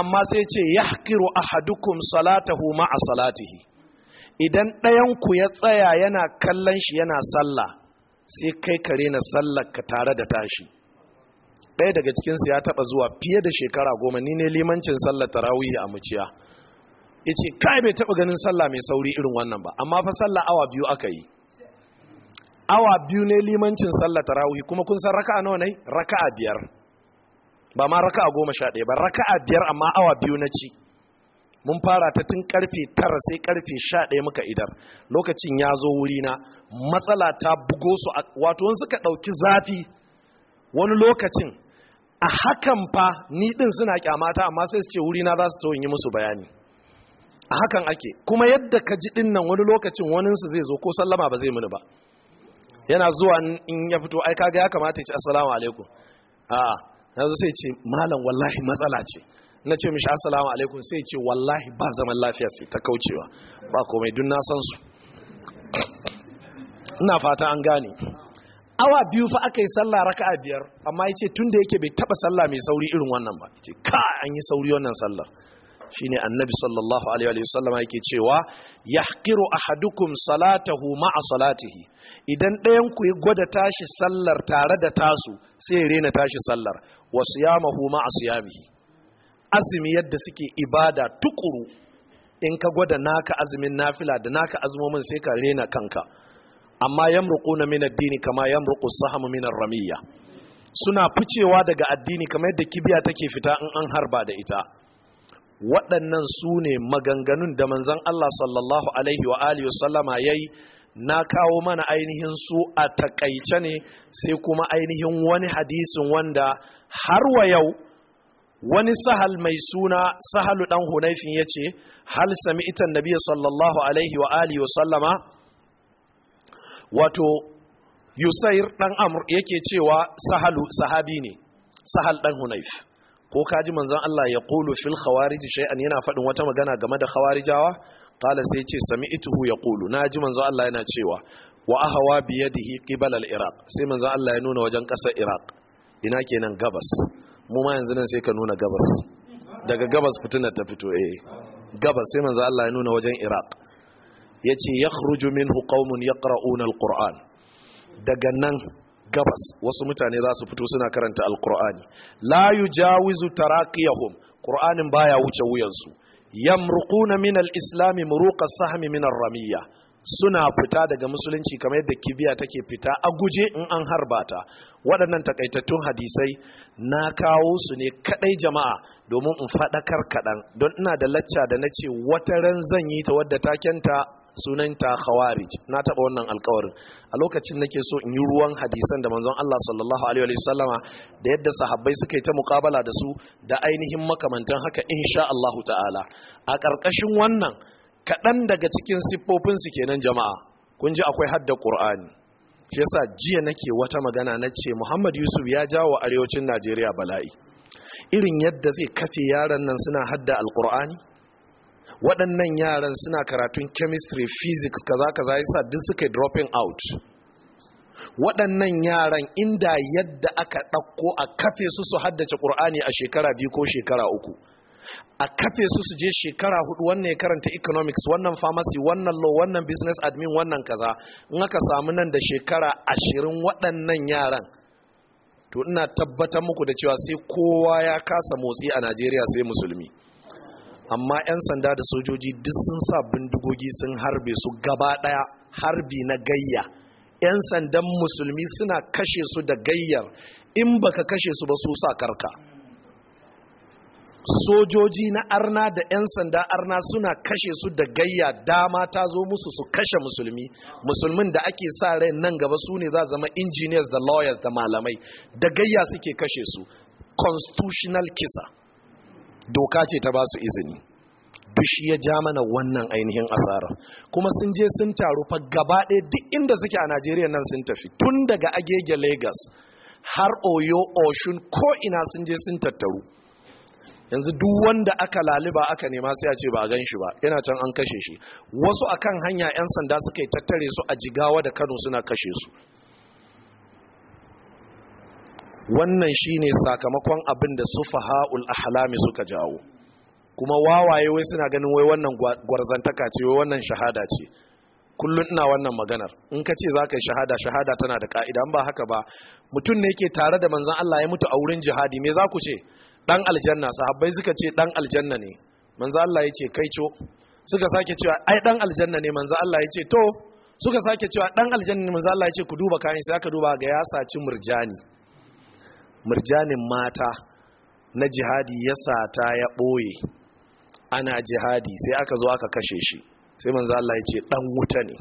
amma sai ce yahqiru ahadukum salatahu ma'a salatihi idan ɗayanku ya tsaya yana kallon shi yana sallah sai kai ka rena sallar ka tare da tashi ɗaya daga cikinsu ya taɓa zuwa fiye da shekara goma ni ne limancin sallar tarawihi a muciya ya ce kai bai taɓa ganin sallah mai sauri irin wannan ba amma fa sallah awa biyu aka yi awa biyu ne limancin sallah tarawih kuma kun san raka'a nawa ne raka'a biyar ba ma raka'a goma sha ɗaya ba raka'a biyar amma awa biyu na ci mun fara ta tun karfe tara sai karfe sha ɗaya muka idar lokacin ya zo wurina matsala ta bugo su wato wani suka ɗauki zafi wani lokacin a hakan fa ni ɗin suna kyamata amma sai su ce wurina za su yi musu bayani a hakan ake kuma yadda ka ji ɗin nan wani lokacin waninsu zai zo ko sallama ba zai mini ba yana zuwa in ya fito ai kaga ya kamata ya ci assalamu alaikum a'a yanzu sai ce malam wallahi matsala ce na ce mishi assalamu alaikum sai ce wallahi ba zaman lafiya sai ta kaucewa ba komai dun na san su ina fata an gane awa biyu fa aka yi sallah raka'a biyar amma yace tunda yake bai taba sallah mai sauri irin wannan ba yace ka an yi sauri wannan sallah shine annabi sallallahu alaihi wa sallama yake cewa yahqiru ahadukum salatahu ma'a salatihi idan ɗayan ku gwada tashi sallar tare da tasu sai ya rena tashi sallar wa siyamahu ma'a siyamihi azumi yadda suke ibada tukuru in ka gwada naka azumin nafila da naka azumomin sai ka rena kanka amma yamruquna min addini, kama yamruqu as min ramiya suna ficewa daga addini kamar yadda kibiya take fita in an harba da ita waɗannan su ne maganganun da manzon Allah sallallahu alaihi wa alihi wasallama yayi na kawo mana ainihin su a takaice ne sai kuma ainihin wani hadisin wanda har wa yau wani sahal mai suna sahalu dan hunaifin ya ce hal sami ita nabiya sallallahu alaihi wa alihi wa sallama wato yusair dan amr yake cewa sahalu sahabi ne sahal dan hunaif ko kaji manzon Allah ya kulu fil khawarij shay'an yana fadin wata magana game da khawarijawa qala sai ya ce na yaqulu naji manzon Allah yana cewa wa ahawa biyadihi qibala al-iraq sai manzon Allah ya nuna wajen kasar iraq ina kenan gabas mu ma yanzu nan sai ka nuna gabas daga gabas fitina ta fito eh gabas sai manzo Allah ya nuna wajen Iraq yace yakhruju minhu qaumun yaqra'una alquran daga nan gabas wasu mutane za su fito suna karanta alqur'ani la yujawizu taraqiyahum qur'anin baya wuce wuyansu yamruquna min alislam muruqa sahmi min arramiyya suna fita daga musulunci kamar yadda kibiya take fita a guje in an harba ta waɗannan takaitattun hadisai na kawo su ne kaɗai jama'a domin in faɗakar kaɗan don ina da lacca da na ce wata ran zan yi ta wadda ta sunan sunanta khawarij na taɓa wannan alkawarin a lokacin nake so in yi ruwan hadisan da manzon Allah sallallahu alaihi wa da yadda sahabbai suka yi ta muƙabala da su da ainihin makamantan haka insha Allah ta'ala a ƙarƙashin wannan kaɗan daga cikin siffofinsu kenan jama'a kun ji akwai hadda ƙur'ani shi yasa jiya nake wata magana na ce muhammad yusuf ya jawo arewacin najeriya bala'i irin yadda zai kafe yaran nan suna hadda alƙur'ani waɗannan yaran suna karatun chemistry physics kaza kaza yasa duk suka dropping out waɗannan yaran inda yadda aka ɗauko a kafe su su haddace ƙur'ani a shekara biyu ko shekara uku a kafe su su je shekara hudu wannan ya karanta economics wannan pharmacy wannan law wannan business admin wannan kaza in aka samu nan da shekara ashirin waɗannan yaran to ina tabbatar muku da cewa sai kowa ya kasa motsi a najeriya sai musulmi amma 'yan sanda da sojoji duk sun sa bindigogi sun harbe su gaba ɗaya harbi na gayya 'yan sandan musulmi suna kashe su da gayyar in baka kashe su ba su sa karka sojoji na arna da 'yan sanda arna suna kashe su da gayya dama ta zo musu su kashe musulmi musulmin da ake sa rai nan gaba su ne za zama engineers da lawyers da malamai da gayya suke kashe su constitutional kisa doka ce ta ba su izini dushi ya ja mana wannan ainihin asara kuma sun je sun taru fa gaba ɗaya duk inda suke a najeriya nan sun tafi tun daga agege lagos har oyo oshun ko ina sun je sun tattaru yanzu duk wanda aka laliba aka nema sai a ce ba a gan shi ba yana can an kashe shi wasu akan hanya 'yan sanda suka yi tattare su a jigawa da kano suna kashe su wannan shi ne sakamakon abin da a ahlami suka jawo kuma wawaye wai suna ganin wai wannan gwarzantaka ce wai wannan shahada ce kullum ina wannan maganar in ka ce za ka yi shahada shahada tana da ka'ida ba haka ba mutum ne ke tare da manzan Allah ya mutu a wurin jihadi me za ku ce dan aljanna sahabbai suka ce dan aljanna ne manzo Allah ya ce kai co suka sake cewa ai dan aljanna ne manzo Allah ya ce to suka sake cewa dan aljanna ne manzo Allah ya ce ku duba kayan sai aka duba ga ya saci murjani murjanin mata na jihadi ya sata ya boye ana jihadi sai aka zo aka kashe shi sai manzo Allah ya ce dan wuta ne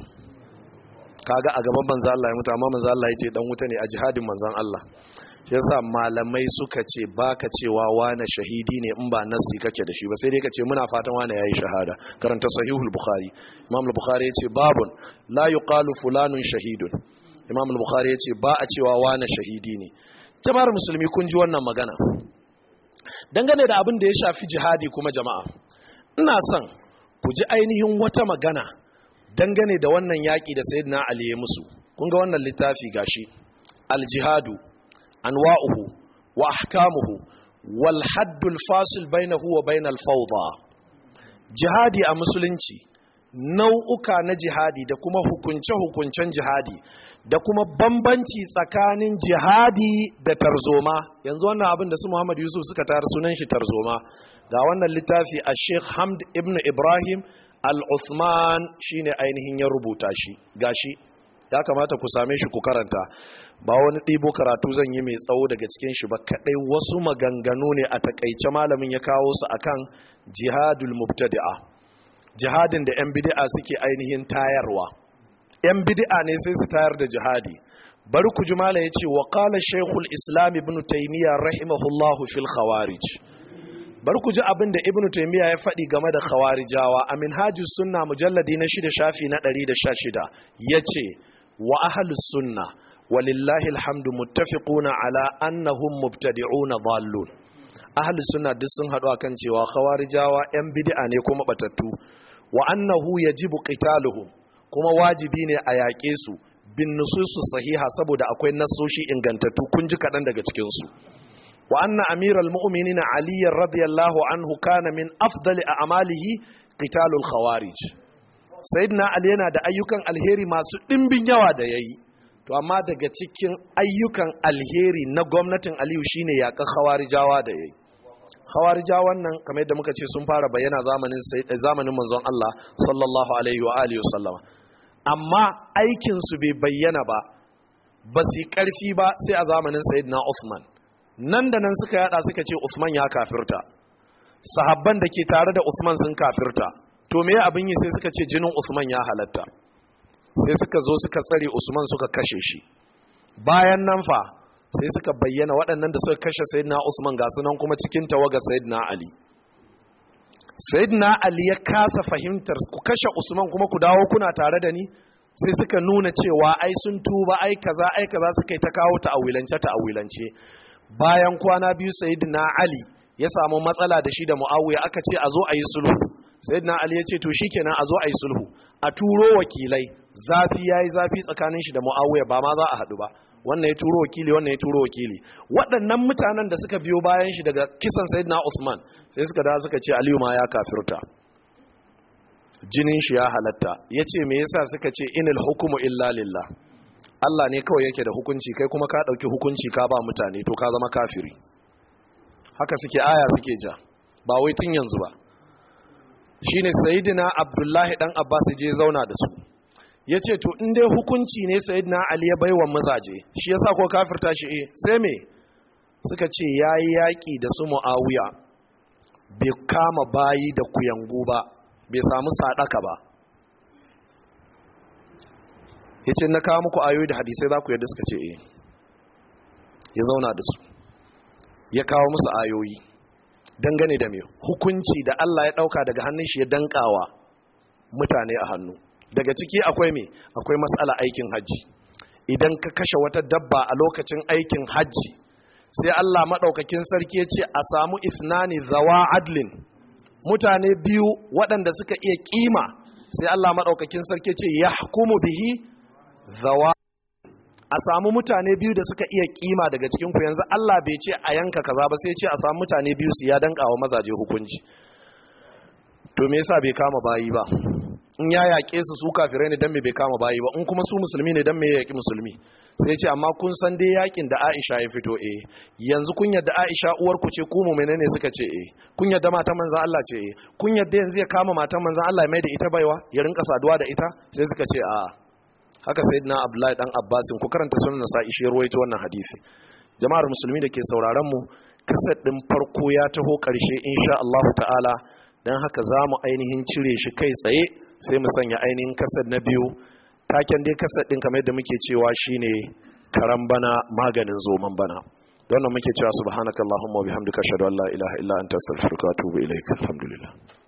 kaga a gaban manzo Allah ya mutu amma manzo Allah ya ce dan wuta ne a jihadin manzon Allah yasa malamai suka ce baka cewa wane shahidi ne in ba nasi kake da shi ba sai dai kace muna fatan wane yayi shahada karanta sahihul bukhari imam al-bukhari yace babun la yuqalu fulanun shahidun imam al-bukhari yace ba a cewa wane shahidi ne jama'ar musulmi kun ji wannan magana dangane da abin da ya shafi jihadi kuma jama'a ina son ku ji ainihin wata magana dangane da wannan yaki da sayyidina ali ya musu kun ga wannan littafi gashi al-jihadu anwa'uhu wa ahkamuhu wal haddul fasil bainahu wa bainal fawda jihadi a musulunci nau'uka na jihadi da kuma hukunce-hukuncen jihadi da kuma bambanci tsakanin jihadi da tarzoma yanzu wannan abin da su Muhammad Yusuf suka tara sunan shi tarzoma ga wannan littafi a Sheikh Hamd ibnu Ibrahim al-Uthman shine ainihin ya rubuta shi gashi ya kamata ku same shi ku karanta ba wani ɗibo karatu zan yi mai tsawo daga cikin shi ba kaɗai wasu maganganu ne a takaice malamin ya kawo su kan jihadul mubtadi'a jihadin da 'yan bidi'a suke ainihin tayarwa 'yan bidi'a ne sai su tayar da jihadi bari ku ji mala ya ce wa ƙala shaikhul islam ibn taimiyya rahimahullahu fil khawarij bari ku ji abin da ibn taimiyya ya faɗi game da khawarijawa a minhajus sunna mujalladi na shida shafi na ɗari da sha shida ya ce wa ahlus sunna walillahi alhamdu muttafiquna ala annahum mubtadi'una dhallun ahli sunna duk sun hadu kan cewa khawarijawa yan bid'a ne kuma batattu wa annahu yajibu ƙitaluhu, kuma wajibi ne a yaƙesu su bin nususu sahiha saboda akwai nasoshi ingantattu kun ji kaɗan daga cikin su wa anna amiral mu'minin ali radiyallahu anhu kana min afdali a'malihi qitalul khawarij sayyidina ali yana da ayyukan alheri masu ɗimbin yawa da yayi to amma daga cikin ayyukan alheri na gwamnatin aliyu shine yakan hawarijawa da ya yi jawa nan kamar yadda muka ce sun fara bayyana zamanin eh, manzon Allah sallallahu alaihi wa sallama amma aikinsu bai bayyana ba ba su karfi ba sai a zamanin na Usman nan da nan suka yada suka ce Usman ya kafirta sahabban da ke tare da Usman sun kafirta to me abin yi sai suka ce jinin Usman ya halatta sai suka zo suka tsare usman suka kashe shi bayan nan fa sai suka bayyana waɗannan da suka kashe sayyidina usman ga sunan kuma cikin tawaga sayyidina ali sayyidina ali ya kasa fahimtar ku kashe usman kuma ku dawo kuna tare da ni sai suka nuna cewa ai sun tuba ai kaza ai kaza suka yi ta kawo ta awilance bayan kwana biyu sayyidina ali ya samu matsala da shi da muawiya aka ce a zo a yi sulhu sayyidina ali ya ce to shikenan a zo a yi sulhu a turo wakilai zafi yayi zafi tsakanin shi da muawiya ba ma za a haɗu ba wannan ya turo wakili wannan ya turo wakili waɗannan mutanen da suka biyo bayan shi daga kisan sayyidina usman sai suka da suka ce aliyu ma ya kafirta jinin shi ya halatta ya ce me yasa suka ce inil hukumu illa lillah Allah ne kawai yake da hukunci kai kuma ka ɗauki hukunci ka ba mutane to ka zama kafiri haka suke aya suke ja ba wai tun yanzu ba shine sayidina abdullahi dan abbas je zauna da su Ya ce to in dai hukunci ne sayidina ali ya baiwa mazaje shi yasa ko kafirta shi eh sai me suka ce ya yi yaƙi da su muawiya bai kama bayi da kuyangu ba bai samu sadaka ba Ya ce na kawo muku ayoyi da hadisai za ku yadda suka ce eh ya zauna da su ya kawo musu ayoyi dangane da mai hukunci da Allah ya dauka daga hannun shi ya dankawa mutane a hannu daga ciki akwai me akwai matsala aikin hajji. idan ka kashe wata dabba a lokacin aikin hajji, sai Allah maɗaukakin sarki ya ce a samu isnani zawa adlin mutane biyu waɗanda suka iya kima sai Allah maɗaukakin sarki ya ce yahkumu bihi zawa a samu mutane biyu da suka iya kima daga cikin ku yanzu Allah bai ce a yanka kaza ba sai ce a samu mutane biyu su ya danka wa mazaje hukunci to me yasa bai kama bayi ba in ya yaƙe su su kafirai ne dan me bai kama bayi ba in kuma su musulmi ne dan me ya yaƙi musulmi sai ce amma kun san dai yakin da Aisha ya fito eh yanzu kun yadda Aisha uwar ku ce ku mu ne suka ce eh kun yadda matan manzon Allah ce eh kun yadda yanzu ya kama matan manzon Allah ya mai da ita baiwa ya rinka saduwa da ita sai suka ce a'a haka sai sayyidina abdullahi dan abbasin ku karanta sunan nasa'i shi ruwaito wannan hadisi jama'ar musulmi da ke sauraron mu kasar din farko ya taho karshe insha Allah ta'ala dan haka za mu ainihin cire shi kai tsaye sai mu sanya ainihin kasar na biyu taken dai kasar din kamar yadda muke cewa shine karan bana maganin zoman bana don muke cewa subhanakallahumma wa bihamdika ashhadu an la ilaha illa anta astaghfiruka wa atubu ilaik alhamdulillah